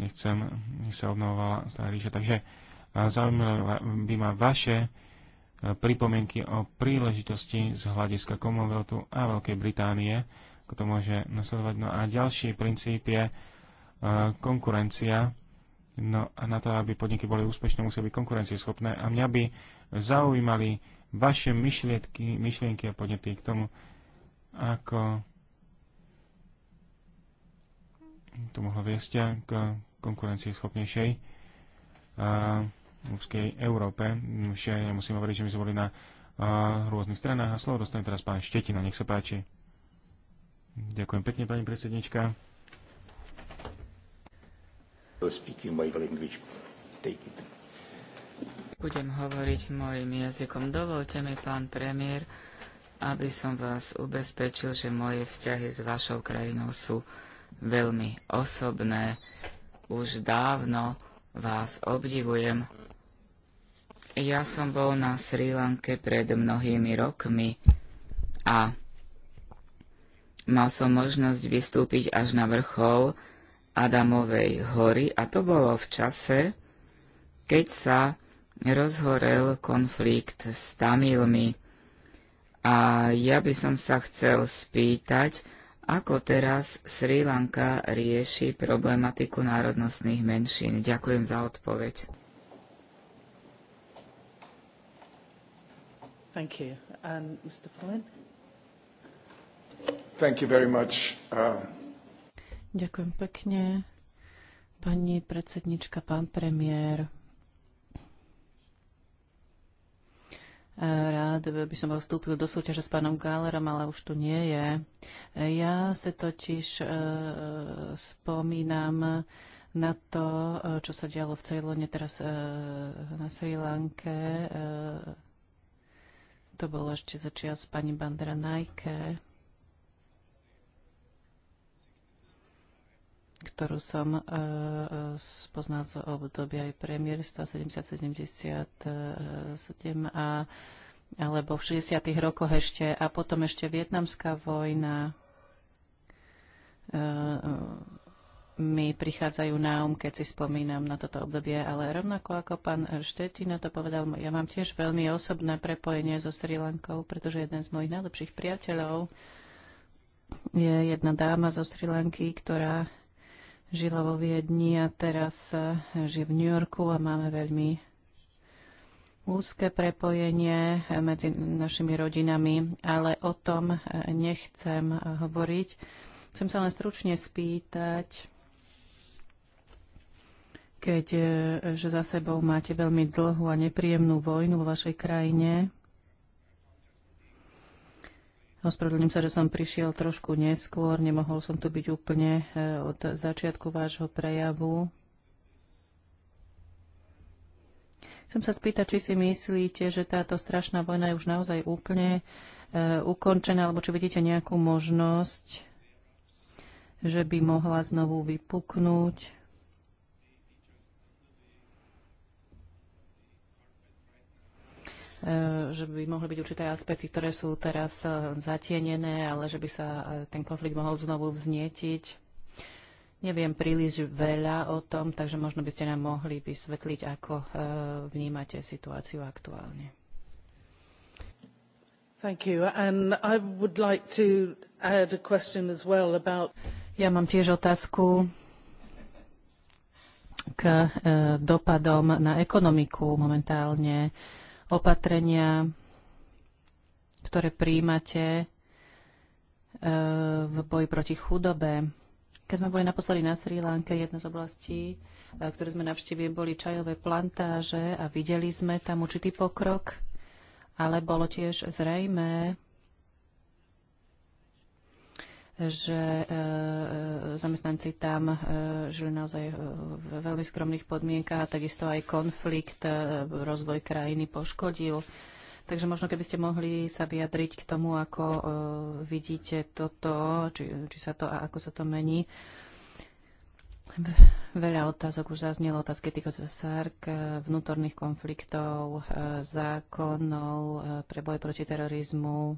nechcem, nech sa obnovovala stará ríša. Takže e, zaujímavé by ma vaše e, pripomienky o príležitosti z hľadiska Commonwealthu a Veľkej Británie, ako to môže nasledovať. No a ďalší princíp je e, konkurencia. No a na to, aby podniky boli úspešné, musia byť konkurencieschopné. A mňa by zaujímali vaše myšlienky, myšlienky a podnety k tomu, ako to mohlo viesť k konkurencii schopnejšej európskej Európe. Ešte ja musím hovoriť, že my sme boli na rôznych stranách a slovo dostane teraz pán Štetina, nech sa páči. Ďakujem pekne, pani predsednička. Budem hovoriť mojim jazykom. Dovolte mi, pán premiér, aby som vás ubezpečil, že moje vzťahy s vašou krajinou sú veľmi osobné. Už dávno vás obdivujem. Ja som bol na Sri Lanke pred mnohými rokmi a mal som možnosť vystúpiť až na vrchol Adamovej hory a to bolo v čase, keď sa rozhorel konflikt s Tamilmi. A ja by som sa chcel spýtať, ako teraz Sri Lanka rieši problematiku národnostných menšín? Ďakujem za odpoveď. Thank you. Um, Mr. Flynn? Thank you very much. Uh... Ďakujem pekne. Pani predsednička, pán premiér, Rád by som vstúpil do súťaže s pánom Gálerom, ale už tu nie je. Ja sa totiž e, spomínam na to, e, čo sa dialo v Ceylone teraz e, na Sri Lanke. E, to bolo ešte začiat s pani Bandera Najke. ktorú som e, e, spoznal z obdobia aj premiér 177 77 a alebo v 60. rokoch ešte a potom ešte vietnamská vojna. E, e, mi prichádzajú na um, keď si spomínam na toto obdobie, ale rovnako ako pán Štetina to povedal, ja mám tiež veľmi osobné prepojenie so Sri Lankou, pretože jeden z mojich najlepších priateľov je jedna dáma zo Sri Lanky, ktorá žila vo Viedni a teraz e, žije v New Yorku a máme veľmi úzke prepojenie e, medzi našimi rodinami, ale o tom e, nechcem hovoriť. Chcem sa len stručne spýtať, keď že za sebou máte veľmi dlhú a nepríjemnú vojnu vo vašej krajine, Ospravedlňujem sa, že som prišiel trošku neskôr, nemohol som tu byť úplne e, od začiatku vášho prejavu. Chcem sa spýtať, či si myslíte, že táto strašná vojna je už naozaj úplne e, ukončená, alebo či vidíte nejakú možnosť, že by mohla znovu vypuknúť. E, že by mohli byť určité aspekty, ktoré sú teraz e, zatienené, ale že by sa e, ten konflikt mohol znovu vznietiť. Neviem príliš veľa o tom, takže možno by ste nám mohli vysvetliť, ako vnímate situáciu aktuálne. Thank you. And um, I would like to add a question as well about... Ja mám tiež otázku k dopadom na ekonomiku momentálne opatrenia, ktoré príjmate e, v boji proti chudobe. Keď sme boli naposledy na Sri Lanke, jedna z oblastí, e, ktoré sme navštívili, boli čajové plantáže a videli sme tam určitý pokrok, ale bolo tiež zrejmé, že e, e, zamestnanci tam e, žili naozaj v veľmi skromných podmienkach a takisto aj konflikt, rozvoj krajiny poškodil. Takže možno keby ste mohli sa vyjadriť k tomu, ako vidíte toto, či, či sa to a ako sa to mení. Veľa otázok už zaznelo, otázky týkajúce sa SARK, vnútorných konfliktov, zákonov, preboj proti terorizmu,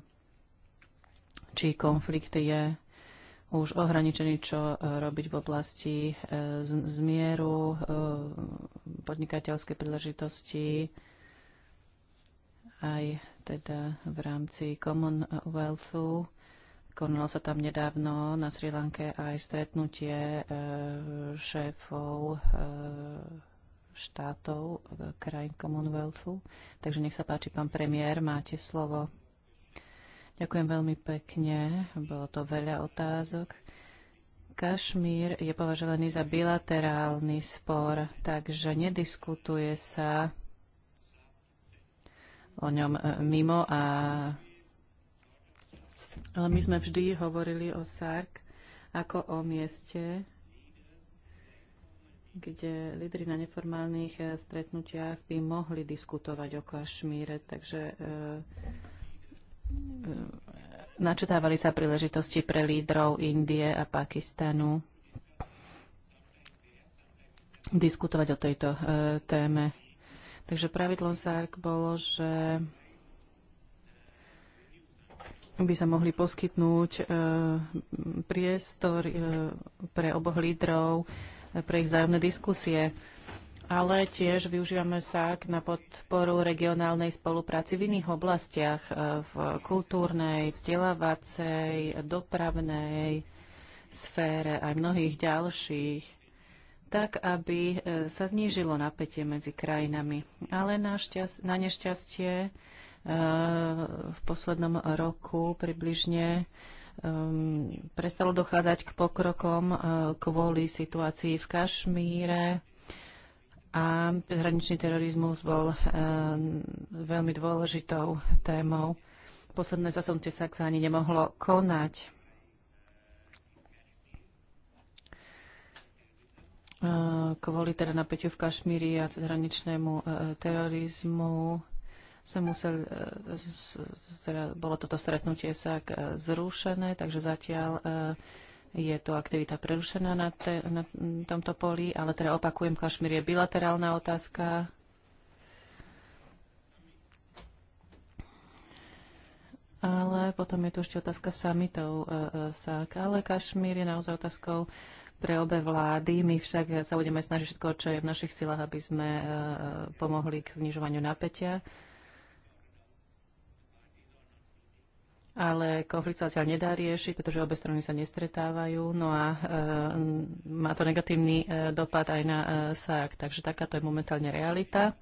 či konflikt je už ohraničení, čo e, robiť v oblasti e, zmieru, e, podnikateľské príležitosti, aj teda v rámci Commonwealthu. Konalo sa tam nedávno na Sri Lanke aj stretnutie šéfov štátov krajín Commonwealthu. Takže nech sa páči, pán premiér, máte slovo. Ďakujem veľmi pekne. Bolo to veľa otázok. Kašmír je považovaný za bilaterálny spor, takže nediskutuje sa o ňom e, mimo a ale my sme vždy hovorili o SARK ako o mieste, kde lídry na neformálnych e, stretnutiach by mohli diskutovať o Kašmíre. Takže e, načetávali sa príležitosti pre lídrov Indie a Pakistanu diskutovať o tejto e, téme. Takže pravidlom SARK bolo, že by sa mohli poskytnúť e, priestor e, pre oboch lídrov, e, pre ich vzájomné diskusie. E, ale tiež využívame SAK na podporu regionálnej spolupráci v iných oblastiach, e, v kultúrnej, vzdelávacej, dopravnej sfére, aj mnohých ďalších, tak aby e, sa znížilo napätie medzi krajinami. Ale na, šťast, na nešťastie e, v poslednom roku približne prestalo dochádzať k pokrokom kvôli situácii v Kašmíre a hraničný terorizmus bol eh, veľmi dôležitou témou. Posledné zasunutie sa ani nemohlo konať. Eh, kvôli teda napäťu v Kašmíri a hraničnému eh, terorizmu sa musel, teda bolo toto stretnutie sa zrušené, takže zatiaľ je to aktivita prerušená na, te, na tomto poli, ale teda opakujem, Kašmír je bilaterálna otázka. Ale potom je tu ešte otázka samitov e, e, SAK, ale Kašmír je naozaj otázkou pre obe vlády. My však sa budeme snažiť všetko, čo je v našich silách, aby sme e, pomohli k znižovaniu napätia. ale konflikt sa zatiaľ nedá riešiť, pretože obe strany sa nestretávajú, no a e, má to negatívny e, dopad aj na e, SAK. Takže takáto je momentálne realita.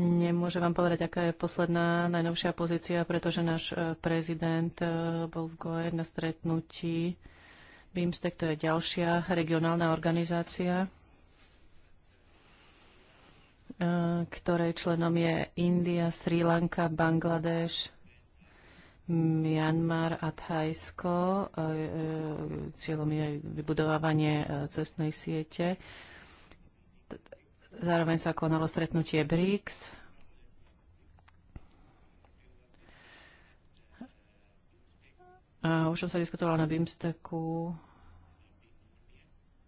Nemôžem vám povedať, aká je posledná najnovšia pozícia, pretože náš e, prezident e, bol v GOE na stretnutí BIMSTEC, to je ďalšia regionálna organizácia, e, ktorej členom je India, Sri Lanka, Bangladeš, Myanmar a Thajsko. E, e, cieľom je vybudovávanie e, cestnej siete. Zároveň sa konalo stretnutie BRICS. A už som sa diskutovala na BIMSTECu.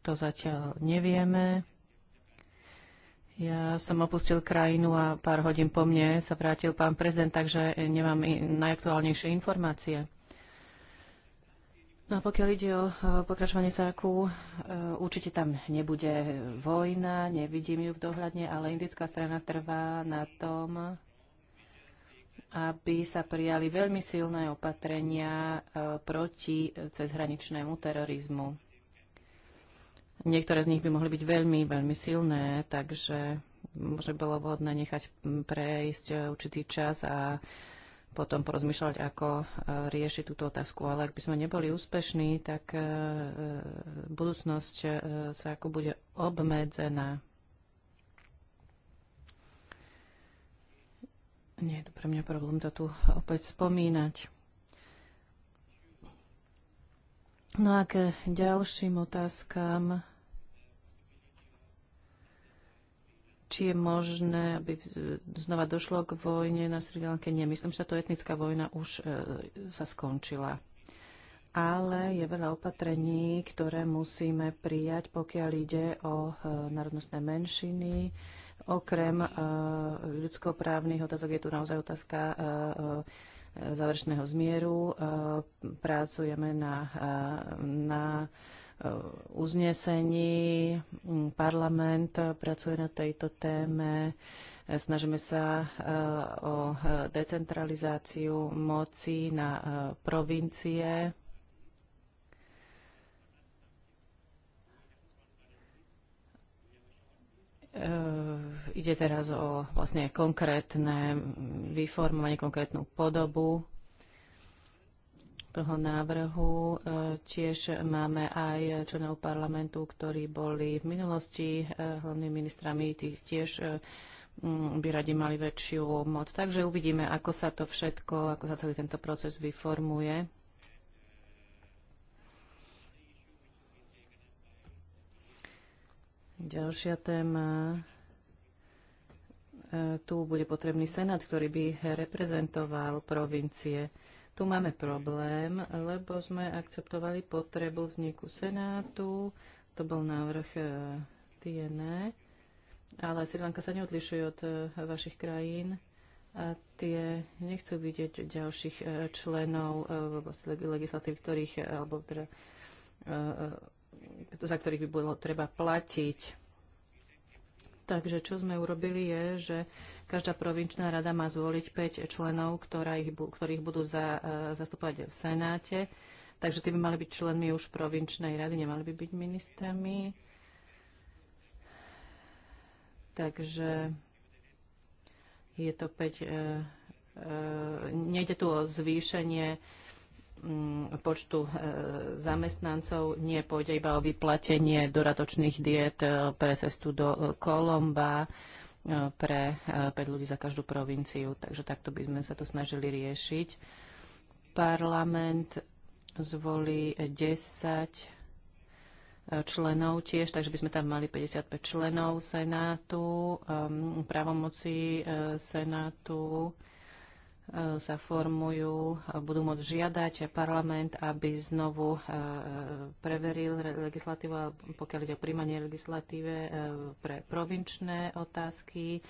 To zatiaľ nevieme. Ja som opustil krajinu a pár hodín po mne sa vrátil pán prezident, takže nemám najaktuálnejšie informácie. No a pokiaľ ide o e, pokračovanie záku, e, určite tam nebude vojna, nevidím ju v dohľadne, ale indická strana trvá na tom, aby sa prijali veľmi silné opatrenia e, proti cezhraničnému terorizmu. Niektoré z nich by mohli byť veľmi, veľmi silné, takže možno bolo vhodné nechať prejsť e, určitý čas a potom porozmýšľať, ako e, riešiť túto otázku. Ale ak by sme neboli úspešní, tak e, budúcnosť sa ako bude obmedzená. Nie je to pre mňa problém to tu opäť spomínať. No a k ďalším otázkam či je možné, aby znova došlo k vojne na Sri Lanke. Nie, myslím, že táto etnická vojna už e, sa skončila. Ale je veľa opatrení, ktoré musíme prijať, pokiaľ ide o e, národnostné menšiny. Okrem e, ľudskoprávnych otázok je tu naozaj otázka e, e, záverečného zmieru. E, pracujeme na, na Eh, uznesení. Mm, Parlament eh, pracuje na tejto téme. Eh, Snažíme sa o decentralizáciu moci na provincie. Ide teraz o vlastne konkrétne mm, vyformovanie, konkrétnu podobu toho návrhu. E, tiež máme aj členov parlamentu, ktorí boli v minulosti e, hlavnými ministrami, tých tiež e, by radi mali väčšiu moc. Takže uvidíme, ako sa to všetko, ako sa celý tento proces vyformuje. Ďalšia téma. Tu bude potrebný senát, ktorý by reprezentoval provincie. Tu máme problém, lebo sme akceptovali potrebu vzniku Senátu, to bol návrh TNE, e. ale Sri Lanka sa neodlišuje od e, vašich krajín a tie nechcú vidieť ďalších e, členov v oblasti legislatív, ktorých, alebo teda, za ktorých by bolo treba platiť Takže čo sme urobili je, že každá provinčná rada má zvoliť 5 členov, ich, ktorých budú za, e, zastupovať v Senáte. Takže tí by mali byť členmi už provinčnej rady, nemali by byť ministrami. Takže je to 5. E, e, nejde tu o zvýšenie Mm, počtu e, zamestnancov nie pôjde iba o vyplatenie doratočných diet e, pre cestu do e, Kolomba pre 5 ľudí za každú provinciu. Takže takto by sme sa to snažili riešiť. Parlament zvolí 10 členov tiež, takže by sme tam mali 55 členov Senátu, právomoci Senátu sa formujú, budú môcť žiadať parlament, aby znovu e, preveril legislatívu, pokiaľ ide o príjmanie legislatíve e, pre provinčné otázky.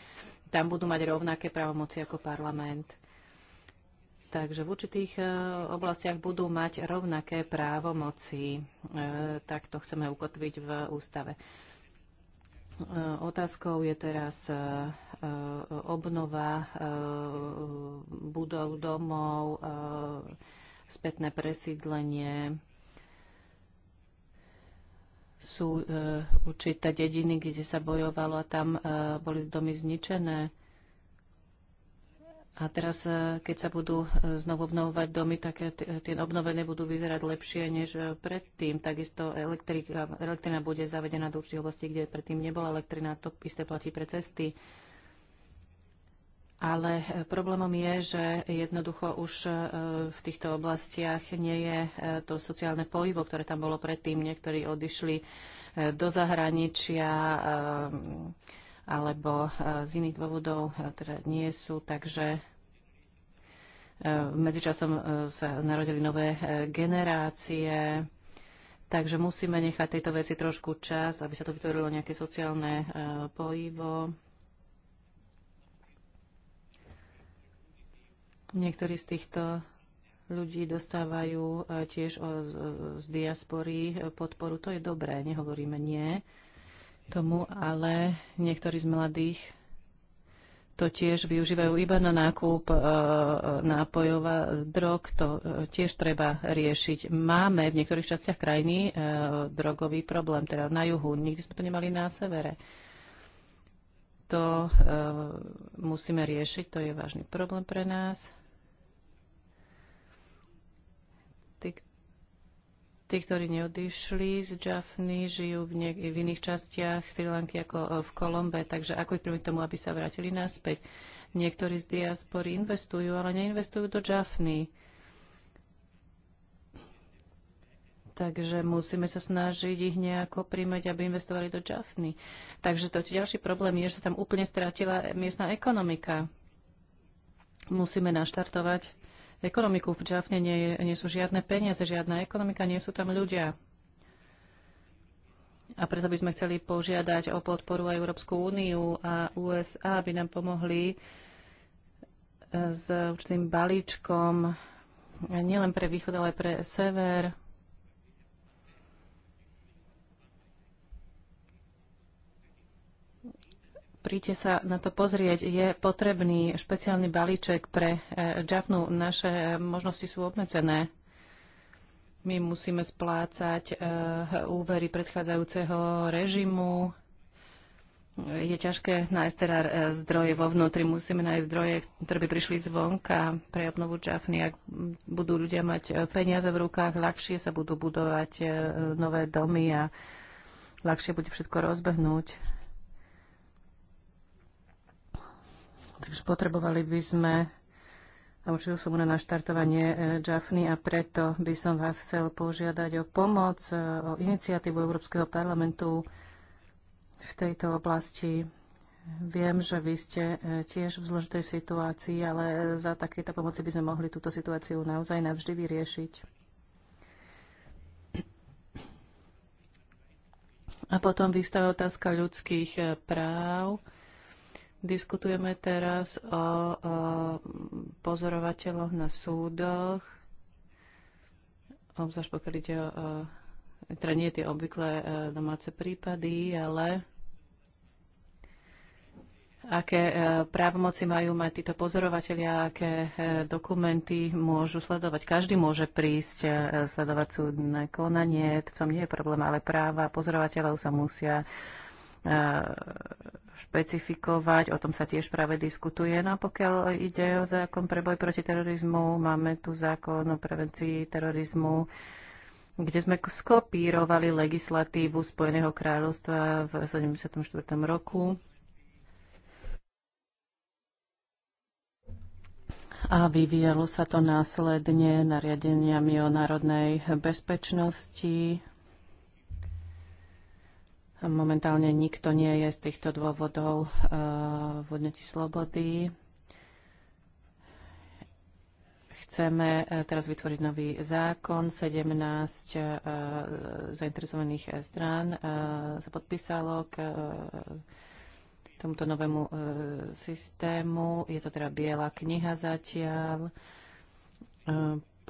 Tam budú mať rovnaké právomoci ako parlament. Takže v určitých e, oblastiach budú mať rovnaké právomoci. Tak to chceme ukotviť v ústave. Otázkou je teraz E, obnova e, budov, domov, e, spätné presídlenie. Sú určité dediny, kde sa bojovalo a tam boli domy zničené. A teraz, keď sa budú znovu obnovovať domy, tak tie obnovené budú vyzerať lepšie než predtým. Takisto elektrina bude zavedená do určitých oblastí, kde predtým nebola elektrina. To isté platí pre cesty. Ale e, problémom je, že jednoducho už e, v týchto oblastiach nie je e, to sociálne pohybo, ktoré tam bolo predtým. Niektorí odišli do zahraničia alebo z iných dôvodov teda nie sú, takže medzičasom sa narodili nové generácie, takže musíme nechať tejto veci trošku čas, aby sa to vytvorilo nejaké sociálne pohybo. Niektorí z týchto ľudí dostávajú e, tiež z diaspory e, podporu. To je dobré, nehovoríme nie tomu, ale niektorí z mladých to tiež využívajú iba na nákup e, nápojov a drog. To tiež treba riešiť. Máme v niektorých častiach krajiny drogový problém, teda na juhu. Nikdy sme to nemali na severe. To musíme riešiť, to je vážny problém pre nás. Tí, tí ktorí neodišli z Jaffny, žijú v, niek- v iných častiach Sri Lanky ako e, v Kolombe, takže ako ich primiť tomu, aby sa vrátili naspäť? Niektorí z diaspory investujú, ale neinvestujú do Jaffny. Takže musíme sa snažiť ich nejako príjmať, aby investovali do Jaffny. Takže to ďalší problém je, že sa tam úplne stratila miestna ekonomika. Musíme naštartovať ekonomiku. V Džafne nie, nie sú žiadne peniaze, žiadna ekonomika, nie sú tam ľudia. A preto by sme chceli požiadať o podporu aj Európsku úniu a USA, aby nám pomohli e, s určitým balíčkom nielen pre východ, ale aj pre sever, príďte sa na to pozrieť. Je potrebný špeciálny balíček pre e, Jaffnu. Naše e, možnosti sú obmedzené. My musíme splácať e, úvery predchádzajúceho režimu. Je ťažké nájsť teda zdroje vo vnútri. Musíme nájsť zdroje, ktoré by prišli zvonka pre obnovu Jaffny. Ak budú ľudia mať peniaze v rukách, ľahšie sa budú budovať nové domy a ľahšie bude všetko rozbehnúť. Takže potrebovali by sme určitú sumu na naštartovanie e, Jafny a preto by som vás chcel požiadať o pomoc, e, o iniciatívu Európskeho parlamentu v tejto oblasti. Viem, že vy ste e, tiež v zložitej situácii, ale za takéto pomoci by sme mohli túto situáciu naozaj navždy vyriešiť. A potom vystáva otázka ľudských práv Diskutujeme teraz o, o pozorovateľoch na súdoch, obzvlášť pokiaľ ide o, o teda nie tie obvyklé e, domáce prípady, ale aké e, právomoci majú mať títo pozorovateľia, aké e, dokumenty môžu sledovať. Každý môže prísť sledovať súdne konanie, v tom nie je problém, ale práva pozorovateľov sa musia E, špecifikovať, o tom sa tiež práve diskutuje. No a pokiaľ ide o zákon pre boj proti terorizmu, máme tu zákon o prevencii terorizmu, kde sme skopírovali legislatívu Spojeného kráľovstva v 74. roku. A vyvíjalo sa to následne nariadeniami o národnej bezpečnosti Momentálne nikto nie je z týchto dôvodov eh, v odneti slobody. Chceme eh, teraz vytvoriť nový zákon. 17 eh, zainteresovaných strán sa podpísalo k tomuto novému systému. Je to teda biela kniha zatiaľ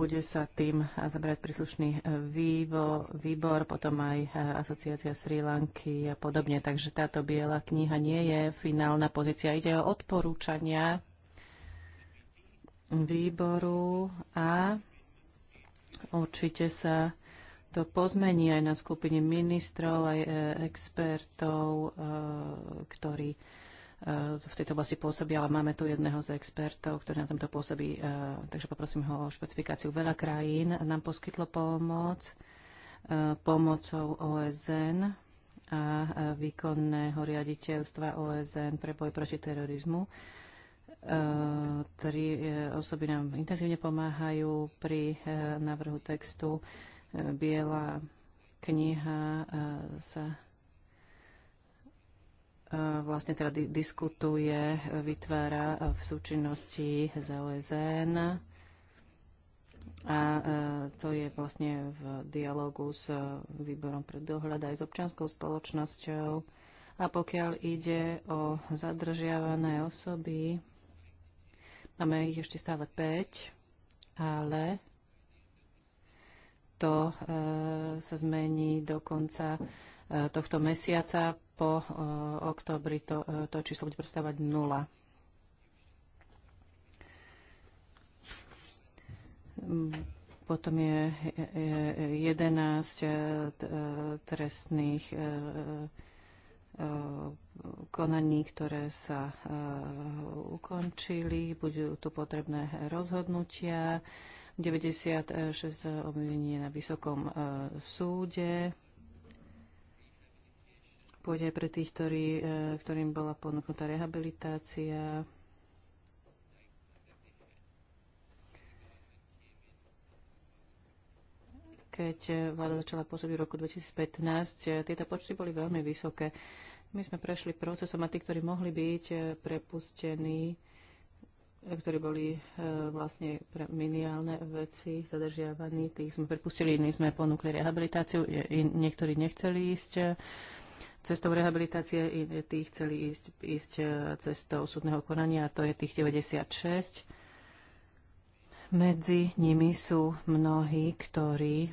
bude sa tým zabrať príslušný e, výbor, potom aj e, asociácia Sri Lanky a podobne. Takže táto biela kniha nie je finálna pozícia. Ide o odporúčania výboru a určite sa to pozmení aj na skupine ministrov, aj e, expertov, ktorí Eh, v tejto oblasti pôsobí, ale máme tu jedného z expertov, ktorý na tomto pôsobí, eh, takže poprosím ho o špecifikáciu. Veľa krajín nám poskytlo pomoc eh, pomocou OSN a výkonného riaditeľstva OSN pre boj proti terorizmu tri osoby nám intenzívne pomáhajú pri návrhu textu. Biela kniha sa vlastne teda diskutuje, vytvára e, v súčinnosti z OSN a e, to je vlastne v dialogu s e, výborom pre dohľad aj s občianskou spoločnosťou. A pokiaľ ide o zadržiavané osoby, máme ich ešte stále 5, ale to sa zmení do konca tohto mesiaca po oktobri to, to číslo bude predstavovať nula. Potom je 11 e, e, trestných e, konaní, ktoré sa ukončili. Budú tu potrebné rozhodnutia. 96 obvinenie na Vysokom súde pôjde aj pre tých, ktorý, e, ktorým bola ponúknutá rehabilitácia. Keď vláda začala pôsobiť v roku 2015, e, tieto počty boli veľmi vysoké. My sme prešli procesom a tí, ktorí mohli byť e, prepustení, ktorí boli vlastne pre miniálne veci zadržiavaní, tých sme prepustili, iní sme ponúkli rehabilitáciu, niektorí nechceli ísť cestou rehabilitácie tí chceli ísť, ísť e, cestou súdneho konania, a to je tých 96. Medzi nimi sú mnohí, ktorí e,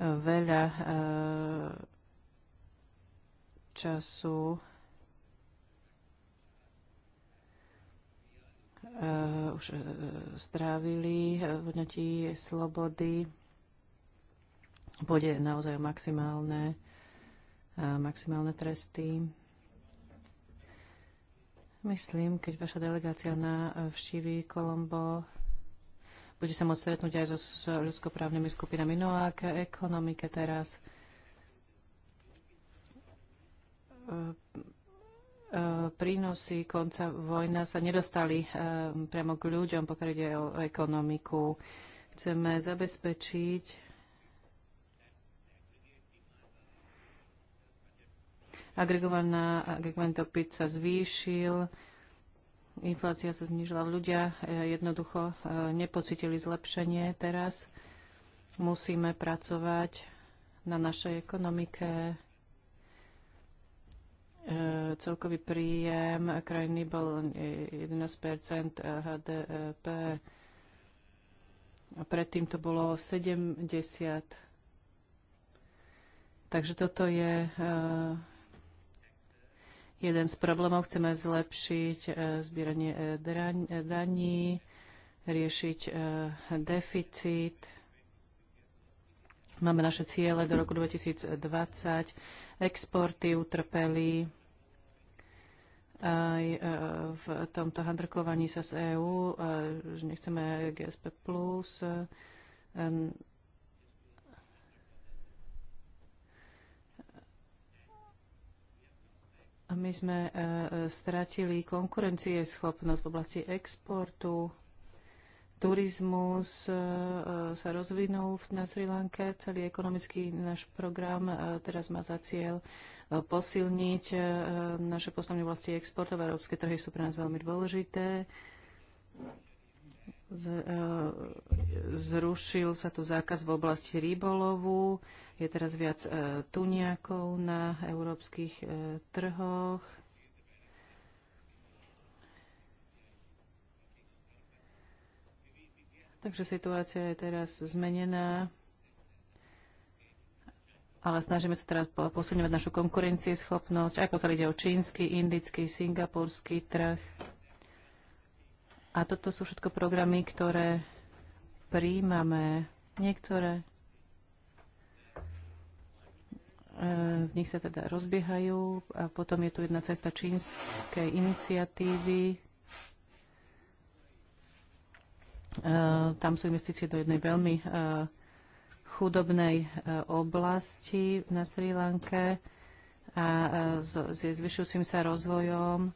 veľa e, času už strávili v hodnotí slobody. Bude naozaj maximálne maximálne tresty. Myslím, keď vaša delegácia navštíví Kolombo, bude sa môcť stretnúť aj so, s so ľudskoprávnymi skupinami. No a k ekonomike teraz. E, e, prínosy konca vojna sa nedostali e, priamo k ľuďom, pokiaľ ide o ekonomiku. Chceme zabezpečiť agregovaný dopyt sa zvýšil, inflácia sa znižila. Ľudia e, jednoducho e, nepocitili zlepšenie teraz. Musíme pracovať na našej ekonomike. E, celkový príjem krajiny bol 11 HDP. A predtým to bolo 70. Takže toto je jeden z problémov. Chceme zlepšiť e, zbieranie e, e, daní, riešiť deficit. Máme naše ciele do roku 2020. Exporty utrpeli aj v tomto handrkovaní sa z EÚ, že nechceme GSP+, plus My sme e, e, stratili konkurencieschopnosť v oblasti exportu. Turizmus e, sa rozvinul na Sri Lanke. Celý ekonomický náš program teraz má za cieľ posilniť naše poslanie vlasti exportov. Európske trhy sú pre nás veľmi dôležité. Zrušil sa tu zákaz v oblasti rybolovu je teraz viac e, tuniakov na európskych e, trhoch. Takže situácia je teraz zmenená, ale snažíme sa teraz posilňovať našu konkurencieschopnosť, aj pokiaľ ide o čínsky, indický, singapurský trh. A toto sú všetko programy, ktoré príjmame. Niektoré E, z nich sa teda rozbiehajú. A potom je tu jedna cesta čínskej iniciatívy. E, tam sú investície do jednej veľmi e, chudobnej oblasti na Sri Lanke a s zvyšujúcim sa rozvojom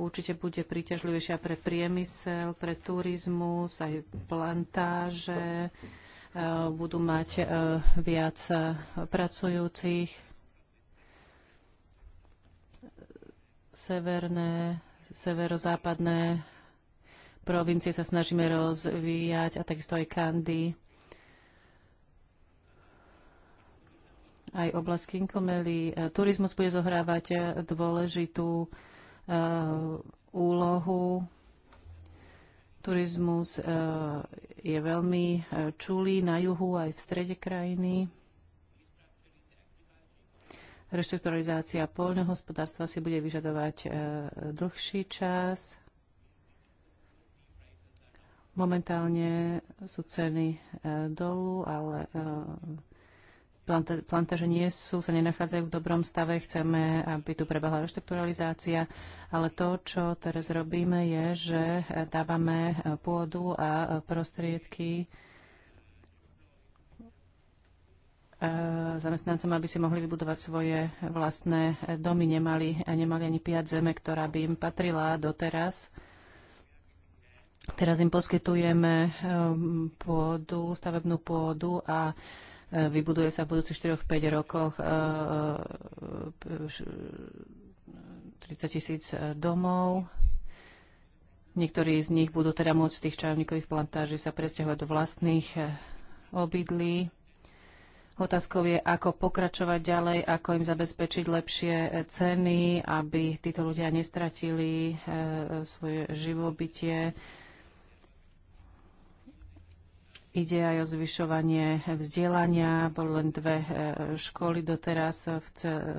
určite bude príťažlivejšia pre priemysel, pre turizmus, aj plantáže, budú mať viac pracujúcich severné, severozápadné provincie sa snažíme rozvíjať a takisto aj Kandy. Aj oblasť Kinkomely. E, turizmus bude zohrávať dôležitú uh, úlohu. Turizmus uh, je veľmi čulý na juhu aj v strede krajiny. Reštrukturalizácia poľnohospodárstva si bude vyžadovať e, dlhší čas. Momentálne sú ceny e, dolu, ale e, plantaže nie sú, sa nenachádzajú v dobrom stave. Chceme, aby tu prebehla reštrukturalizácia, ale to, čo teraz robíme, je, že dávame pôdu a prostriedky E, zamestnancom, aby si mohli vybudovať svoje vlastné domy. Nemali, nemali ani piať zeme, ktorá by im patrila doteraz. Teraz im poskytujeme e, pôdu, stavebnú pôdu a e, vybuduje sa v budúcich 4-5 rokoch 30 tisíc domov. Niektorí z nich budú teda môcť z tých čajovníkových plantáží sa presťahovať do vlastných obydlí. Otázkou je, ako pokračovať ďalej, ako im zabezpečiť lepšie eh, ceny, aby títo ľudia nestratili eh, svoje živobytie. Ide aj o zvyšovanie vzdelania. Boli len dve eh, školy doteraz v,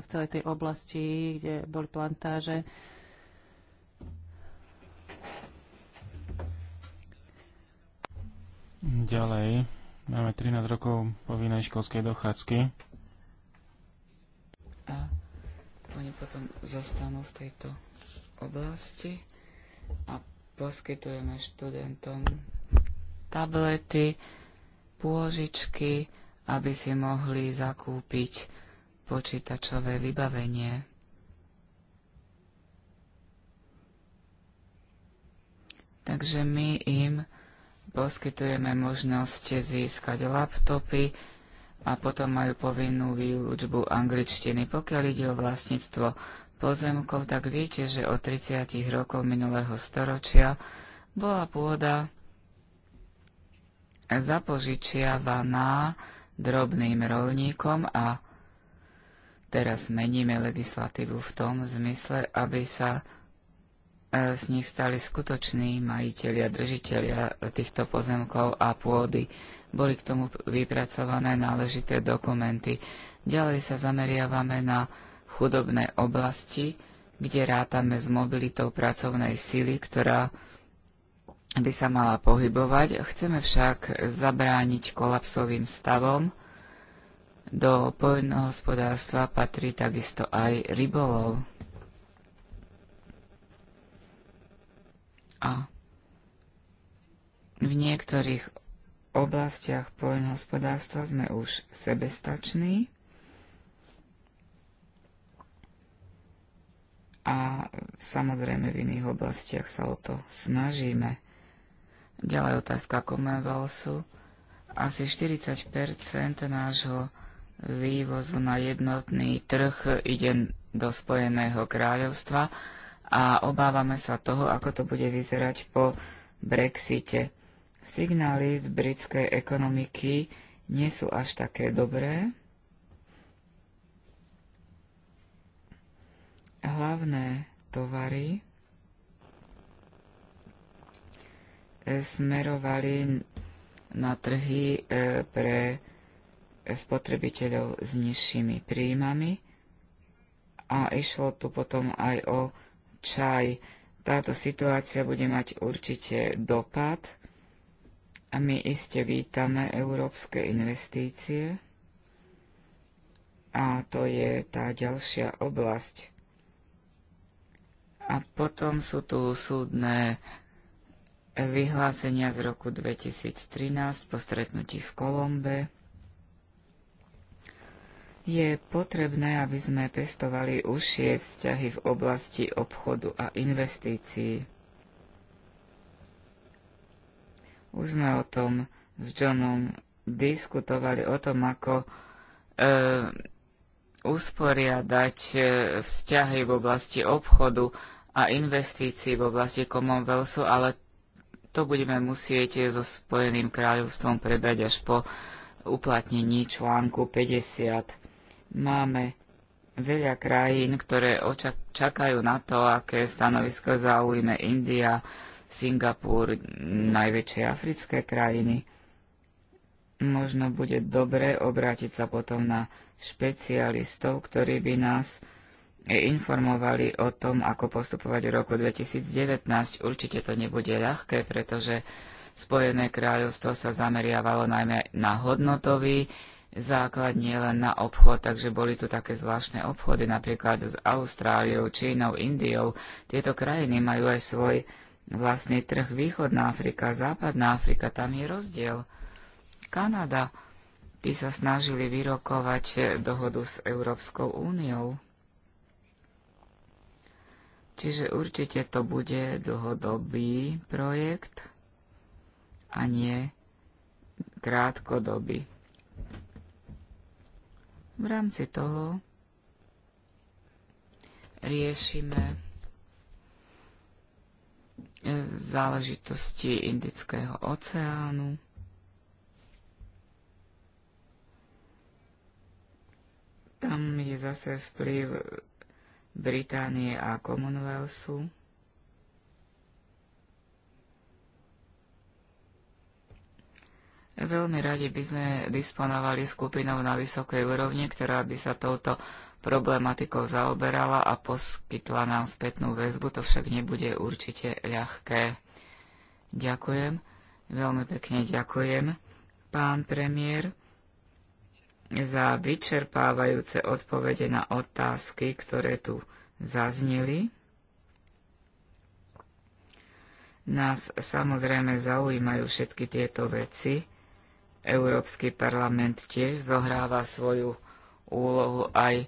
v celej tej oblasti, kde boli plantáže. Ďalej Máme 13 rokov povinnej školskej dochádzky. A oni potom zostanú v tejto oblasti a poskytujeme študentom tablety, pôžičky, aby si mohli zakúpiť počítačové vybavenie. Takže my im poskytujeme možnosť získať laptopy a potom majú povinnú výučbu angličtiny. Pokiaľ ide o vlastníctvo pozemkov, tak viete, že od 30 rokov minulého storočia bola pôda zapožičiavaná drobným rolníkom a teraz meníme legislatívu v tom zmysle, aby sa E, z nich stali skutoční a držiteľia týchto pozemkov a pôdy. Boli k tomu vypracované náležité dokumenty. Ďalej sa zameriavame na chudobné oblasti, kde rátame s mobilitou pracovnej sily, ktorá by sa mala pohybovať. Chceme však zabrániť kolapsovým stavom. Do poľnohospodárstva patrí takisto aj rybolov. a v niektorých oblastiach poľnohospodárstva sme už sebestační a samozrejme v iných oblastiach sa o to snažíme. Ďalej otázka Komenvalsu. Asi 40 nášho vývozu na jednotný trh ide do Spojeného kráľovstva a obávame sa toho, ako to bude vyzerať po Brexite. Signály z britskej ekonomiky nie sú až také dobré. Hlavné tovary smerovali na trhy e, pre spotrebiteľov s nižšími príjmami a išlo tu potom aj o čaj. Táto situácia bude mať určite dopad a my iste vítame európske investície. A to je tá ďalšia oblasť. A potom sú tu súdne vyhlásenia z roku 2013 po stretnutí v Kolombe je potrebné, aby sme pestovali užšie vzťahy v oblasti obchodu a investícií. Už sme o tom s Johnom diskutovali o tom, ako e, usporiadať e, vzťahy v oblasti obchodu a investícií v oblasti Commonwealthu, ale to budeme musieť so Spojeným kráľovstvom prebrať až po uplatnení článku 50 Máme veľa krajín, ktoré čakajú na to, aké stanovisko zaujme India, Singapur, najväčšie africké krajiny. Možno bude dobre obrátiť sa potom na špecialistov, ktorí by nás informovali o tom, ako postupovať v roku 2019. Určite to nebude ľahké, pretože Spojené kráľovstvo sa zameriavalo najmä na hodnotový základne len na obchod, takže boli tu také zvláštne obchody napríklad s Austráliou, Čínou, Indiou. Tieto krajiny majú aj svoj vlastný trh Východná Afrika, Západná Afrika, tam je rozdiel. Kanada, tí sa snažili vyrokovať dohodu s Európskou úniou. Čiže určite to bude dlhodobý projekt a nie krátkodobý. V rámci toho riešime záležitosti Indického oceánu. Tam je zase vplyv Británie a Commonwealthu. Veľmi radi by sme disponovali skupinou na vysokej úrovni, ktorá by sa touto problematikou zaoberala a poskytla nám spätnú väzbu. To však nebude určite ľahké. Ďakujem. Veľmi pekne ďakujem, pán premiér, za vyčerpávajúce odpovede na otázky, ktoré tu zazneli. Nás samozrejme zaujímajú všetky tieto veci Európsky parlament tiež zohráva svoju úlohu aj e,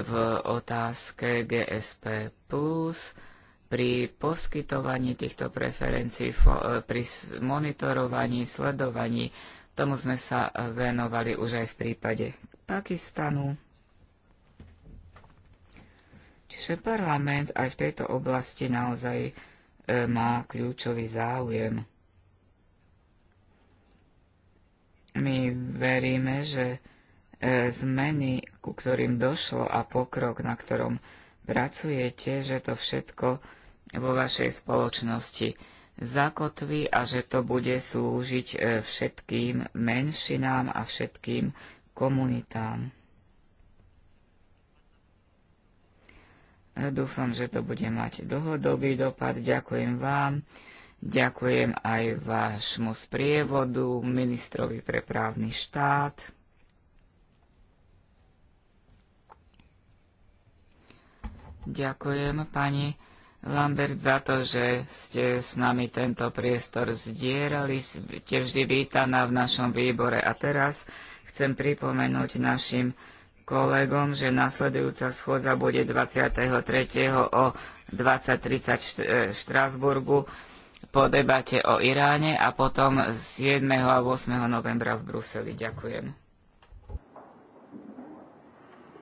v otázke GSP+, pri poskytovaní týchto preferencií, e, pri monitorovaní, sledovaní. Tomu sme sa e, venovali už aj v prípade Pakistanu. Čiže parlament aj v tejto oblasti naozaj má kľúčový záujem. My veríme, že e, zmeny, ku ktorým došlo a pokrok, na ktorom pracujete, že to všetko vo vašej spoločnosti zakotví a že to bude slúžiť e, všetkým menšinám a všetkým komunitám. E, dúfam, že to bude mať dlhodobý dopad. Ďakujem vám Ďakujem aj vášmu sprievodu, ministrovi pre právny štát. Ďakujem pani Lambert za to, že ste s nami tento priestor zdierali. Ste vždy vítaná v našom výbore. A teraz chcem pripomenúť našim kolegom, že nasledujúca schôdza bude 23. o 20.30 v Štrasburgu po debate o Iráne a potom 7. a 8. novembra v Bruseli. Ďakujem.